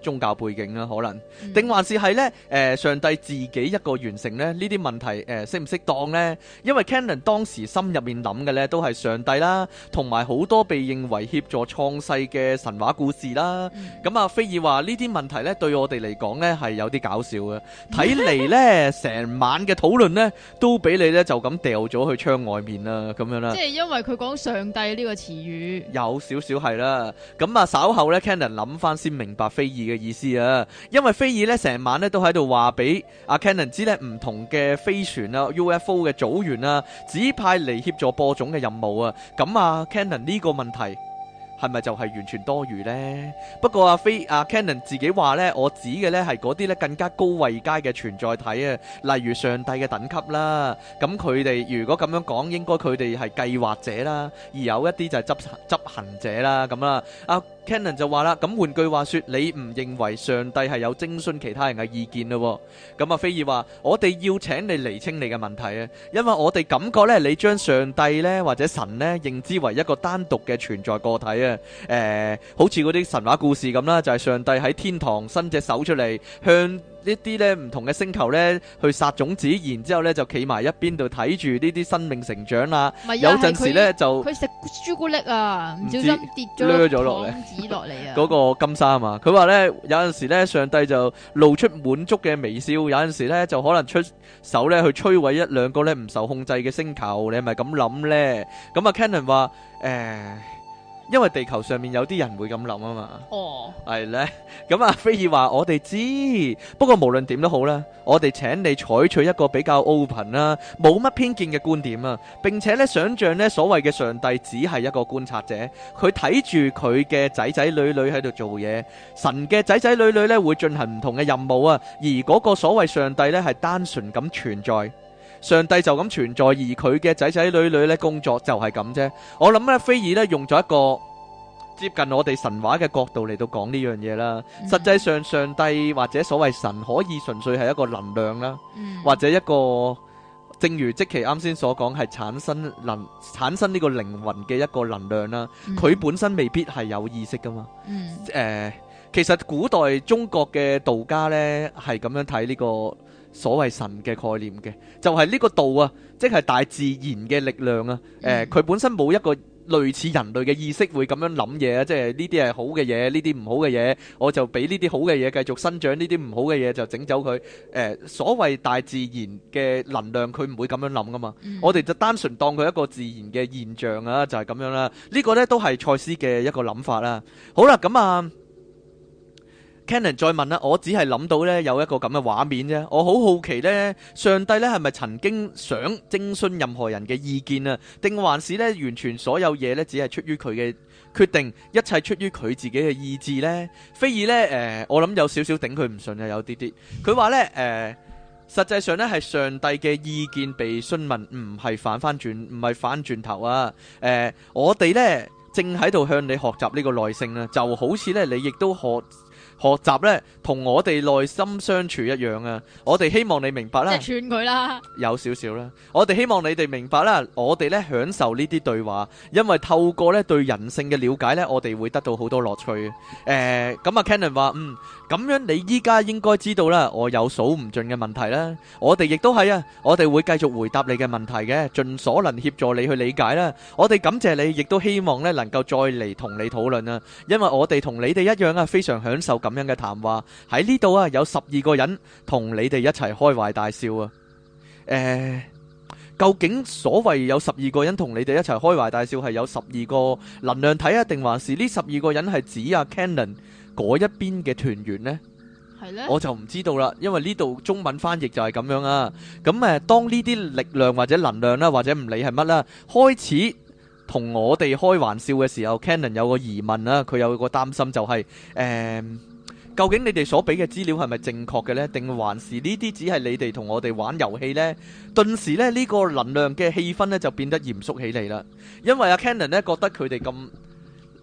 宗教背景啦、啊，可能、嗯、定還是係呢？誒、呃、上帝自己一個完成呢，呢啲問題誒適唔適當呢？因為 Canon 當時心入面諗嘅呢都係上帝啦，同埋好多被認為協助創世嘅神話故事啦。咁、嗯、啊，菲爾話呢啲問題呢對我哋嚟講呢係有啲搞笑嘅。睇嚟 呢，成晚嘅討論呢都俾你呢就咁掉咗去窗外面啦，咁樣啦。即係因為佢講上低呢個詞語 有少少係啦、啊，咁、嗯、啊稍後咧 Cannon 諗翻先明白菲爾嘅意思啊，因為菲爾咧成晚咧都喺度話俾阿 Cannon 知咧，唔同嘅飛船啊 UFO 嘅組員啊，指派嚟協助播種嘅任務啊，咁、嗯嗯、啊 Cannon 呢個問題。係咪就係完全多餘呢？不過阿、啊、飛阿、啊、Cannon 自己話呢，我指嘅呢係嗰啲呢更加高位階嘅存在體啊，例如上帝嘅等級啦。咁佢哋如果咁樣講，應該佢哋係計劃者啦，而有一啲就係執執行者啦。咁啦、啊，阿、啊。Canon 就話啦，咁換句話說，你唔認為上帝係有徵詢其他人嘅意見咯？咁啊，飛爾話：我哋要請你釐清你嘅問題啊，因為我哋感覺咧，你將上帝呢或者神呢認知為一個單獨嘅存在個體啊，誒、呃，好似嗰啲神話故事咁啦，就係、是、上帝喺天堂伸隻手出嚟向，呢啲咧唔同嘅星球咧，去撒種子，然之後咧就企埋一邊度睇住呢啲生命成長啦。有陣時咧就佢食朱古力啊，唔小心跌咗，跌咗落嚟。嗰個金沙啊嘛，佢話咧有陣時咧上帝就露出滿足嘅微笑，有陣時咧就可能出手咧去摧毀一兩個咧唔受控制嘅星球。你係咪咁諗咧？咁啊，Canon 話誒。因為地球上面有啲人會咁諗啊嘛，哦、oh.，係呢。咁阿菲爾話我哋知，不過無論點都好啦，我哋請你採取一個比較 open 啦，冇乜偏見嘅觀點啊，並且咧想象咧所謂嘅上帝只係一個觀察者，佢睇住佢嘅仔仔女女喺度做嘢。神嘅仔仔女女咧會進行唔同嘅任務啊，而嗰個所謂上帝咧係單純咁存在。上帝就咁存在，而佢嘅仔仔女女呢，工作就係咁啫。我諗咧，菲爾咧用咗一個接近我哋神話嘅角度嚟到講呢樣嘢啦。Mm hmm. 實際上，上帝或者所謂神可以純粹係一個能量啦，mm hmm. 或者一個，正如即其啱先所講，係產生能產生呢個靈魂嘅一個能量啦。佢、mm hmm. 本身未必係有意識噶嘛。誒、mm hmm. 呃，其實古代中國嘅道家咧係咁樣睇呢、這個。所謂神嘅概念嘅，就係呢個道啊，即係大自然嘅力量啊。誒，佢本身冇一個類似人類嘅意識會咁樣諗嘢啊。即係呢啲係好嘅嘢，呢啲唔好嘅嘢，我就俾呢啲好嘅嘢繼續生長，呢啲唔好嘅嘢就整走佢。誒，所謂大自然嘅能量，佢唔會咁樣諗噶嘛。我哋就單純當佢一個自然嘅現象啊，就係咁樣啦。呢個呢都係賽斯嘅一個諗法啦。好啦，咁啊。Canon 再問啦、啊，我只係諗到咧有一個咁嘅畫面啫，我好好奇呢，上帝咧係咪曾經想徵詢任何人嘅意見啊？定還是咧完全所有嘢咧只係出於佢嘅決定，一切出於佢自己嘅意志呢？菲爾呢，誒、呃，我諗有少少頂佢唔順啊，有啲啲。佢話呢，誒、呃，實際上呢，係上帝嘅意見被詢問，唔係反翻轉，唔係反轉頭啊。誒、呃，我哋呢，正喺度向你學習呢個耐性啊，就好似呢，你亦都學。學習咧，同我哋內心相處一樣啊！我哋希望你明白啦，即係串佢啦，有少少啦。我哋希望你哋明白啦，我哋咧享受呢啲對話，因為透過咧對人性嘅瞭解咧，我哋會得到好多樂趣。誒，咁啊，Cannon 話嗯，咁樣你依家應該知道啦，我有數唔盡嘅問題啦。我哋亦都係啊，我哋會繼續回答你嘅問題嘅，盡所能協助你去理解啦。我哋感謝你，亦都希望咧能夠再嚟同你討論啊，因為我哋同你哋一樣啊，非常享受。咁樣嘅談話喺呢度啊，有十二個人同你哋一齊開懷大笑啊！誒、欸，究竟所謂有十二個人同你哋一齊開懷大笑，係有十二個能量體啊，定還是呢十二個人係指阿 Cannon 嗰一邊嘅團員呢？呢我就唔知道啦，因為呢度中文翻譯就係咁樣啊。咁、嗯、誒，當呢啲力量或者能量啦、啊，或者唔理係乜啦，開始同我哋開玩笑嘅時候，Cannon 有個疑問啦、啊，佢有個擔心就係、是、誒。欸究竟你哋所俾嘅資料係咪正確嘅呢？定還是呢啲只係你哋同我哋玩遊戲呢？頓時呢呢個能量嘅氣氛呢就變得嚴肅起嚟啦。因為阿 Cannon 呢覺得佢哋咁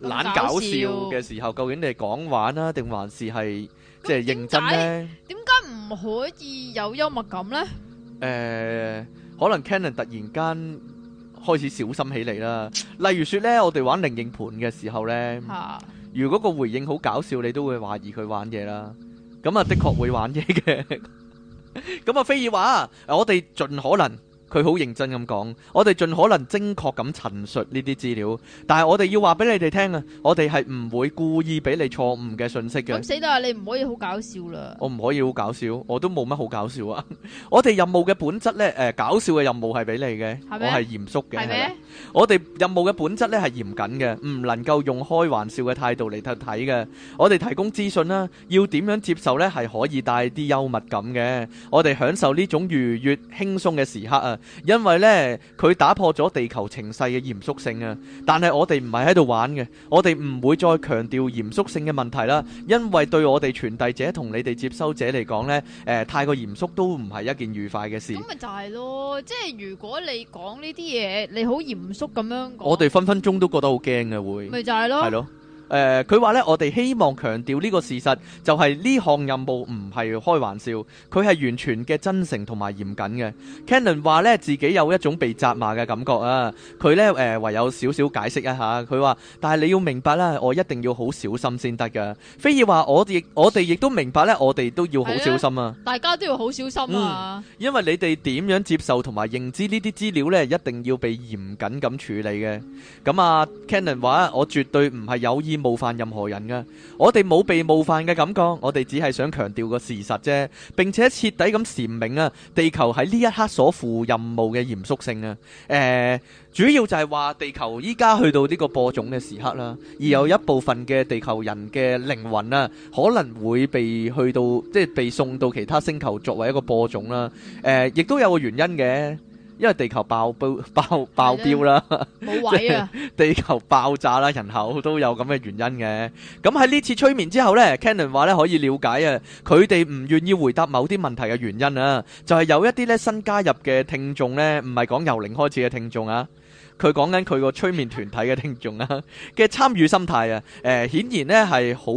懶搞笑嘅時候，究竟你哋講玩啊，定還是係即係認真呢？點解唔可以有幽默感呢？誒，可能 Cannon 突然間開始小心起嚟啦。例如説呢，我哋玩靈應盤嘅時候呢。如果個回應好搞笑，你都會懷疑佢玩嘢啦。咁啊的確會玩嘢嘅。咁啊菲爾話啊，我哋盡可能，佢好認真咁講，我哋盡可能精確咁陳述呢啲資料。但係我哋要話俾你哋聽啊，我哋係唔會故意俾你錯誤嘅信息嘅。咁死都話你唔可以好搞笑啦。我唔可以好搞笑，我都冇乜好搞笑啊。我哋任務嘅本質呢，誒，搞笑嘅任務係俾你嘅，我係嚴肅嘅。我哋任務嘅本質咧係嚴謹嘅，唔能夠用開玩笑嘅態度嚟睇嘅。我哋提供資訊啦，要點樣接受呢，係可以帶啲幽默感嘅。我哋享受呢種愉悦輕鬆嘅時刻啊，因為呢，佢打破咗地球情勢嘅嚴肅性啊。但係我哋唔係喺度玩嘅，我哋唔會再強調嚴肅性嘅問題啦，因為對我哋傳遞者同你哋接收者嚟講呢，誒、呃、太過嚴肅都唔係一件愉快嘅事。咁咪就係咯，即係如果你講呢啲嘢，你好嚴。.唔叔咁樣講，我哋分分鐘都覺得好驚嘅會，咪就係咯，係咯。誒，佢話咧，我哋希望強調呢個事實，就係呢項任務唔係開玩笑，佢係完全嘅真誠同埋嚴謹嘅。Cannon 話咧，自己有一種被責罵嘅感覺啊，佢咧誒，唯有少少解釋一下。佢話，但係你要明白啦，我一定要好小心先得㗎。菲爾話，我哋我哋亦都明白咧，我哋都要好小心啊，大家都要好小心啊，因為你哋點樣接受同埋認知呢啲資料咧，一定要被嚴謹咁處理嘅。咁啊，Cannon 話，我絕對唔係有意冒犯任何人㗎，我哋冇被冒犯嘅感覺，我哋只係想強調個事實啫，並且徹底咁闡明啊，地球喺呢一刻所負任務嘅嚴肅性啊，誒，主要就係話地球依家去到呢個播種嘅時刻啦，而有一部分嘅地球人嘅靈魂啊，可能會被去到，即係被送到其他星球作為一個播種啦，誒，亦都有個原因嘅。因為地球爆煲爆爆表啦，冇位啊！ 地球爆炸啦，人口都有咁嘅原因嘅。咁喺呢次催眠之後咧，Cannon 話咧可以瞭解啊，佢哋唔願意回答某啲問題嘅原因啊，就係、是、有一啲咧新加入嘅聽眾咧，唔係講由零開始嘅聽眾啊。佢講緊佢個催眠團體嘅聽眾啦，嘅參與心態啊，誒顯然咧係好，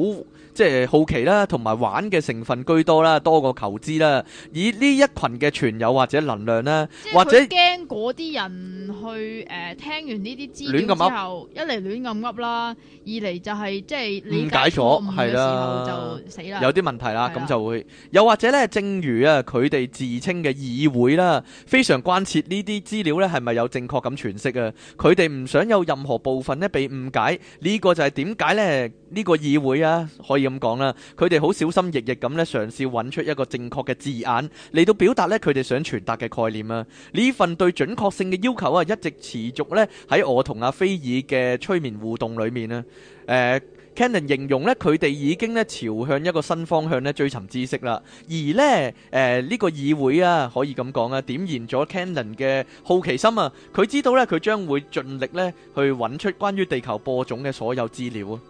即係好奇啦，同埋玩嘅成分居多啦，多過求知啦。以呢一群嘅存有或者能量啦，是或者驚啲人去誒、呃、聽完呢啲資料之後，說一嚟亂噏啦，二嚟就係、是、即係誤解咗，係啦，就死啦，有啲問題啦，咁的就會又或者咧，正如啊佢哋自稱嘅議會啦，非常關切呢啲資料咧係咪有正確咁詮釋啊？佢哋唔想有任何部分咧被誤解，呢個就係點解咧？呢個議會啊，可以咁講啦。佢哋好小心翼翼咁咧，嘗試揾出一個正確嘅字眼嚟到表達咧，佢哋想傳達嘅概念啊。呢份對準確性嘅要求啊，一直持續咧喺我同阿菲爾嘅催眠互動裏面咧，誒、呃。Cannon 形容咧，佢哋已經咧朝向一個新方向咧追尋知識啦。而咧，誒、呃、呢、呢個議會啊，可以咁講啊，點燃咗 Cannon 嘅好奇心啊。佢知道咧，佢將會盡力咧去揾出關於地球播種嘅所有資料啊。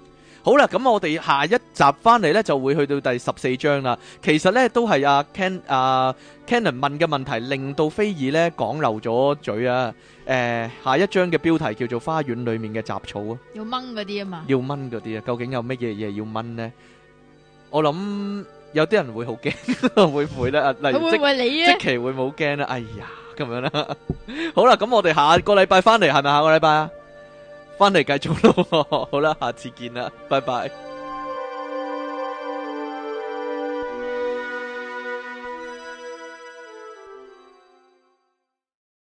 好啦，咁我哋下一集翻嚟咧，就會去到第十四章啦。其實咧，都係阿 Ken 阿 Ken 問嘅問題，令到菲爾咧講漏咗嘴啊。誒，下一章嘅標題叫做《花園裡面嘅雜草》啊。要掹嗰啲啊嘛。要掹嗰啲啊，究竟有乜嘢嘢要掹咧？我諗有啲人會好驚，會唔會咧？例如你呀，即即期會唔好驚咧？哎呀，咁樣啦。好啦，咁我哋下個禮拜翻嚟，係咪下個禮拜啊？翻嚟繼續咯， 好啦，下次見啦，拜拜。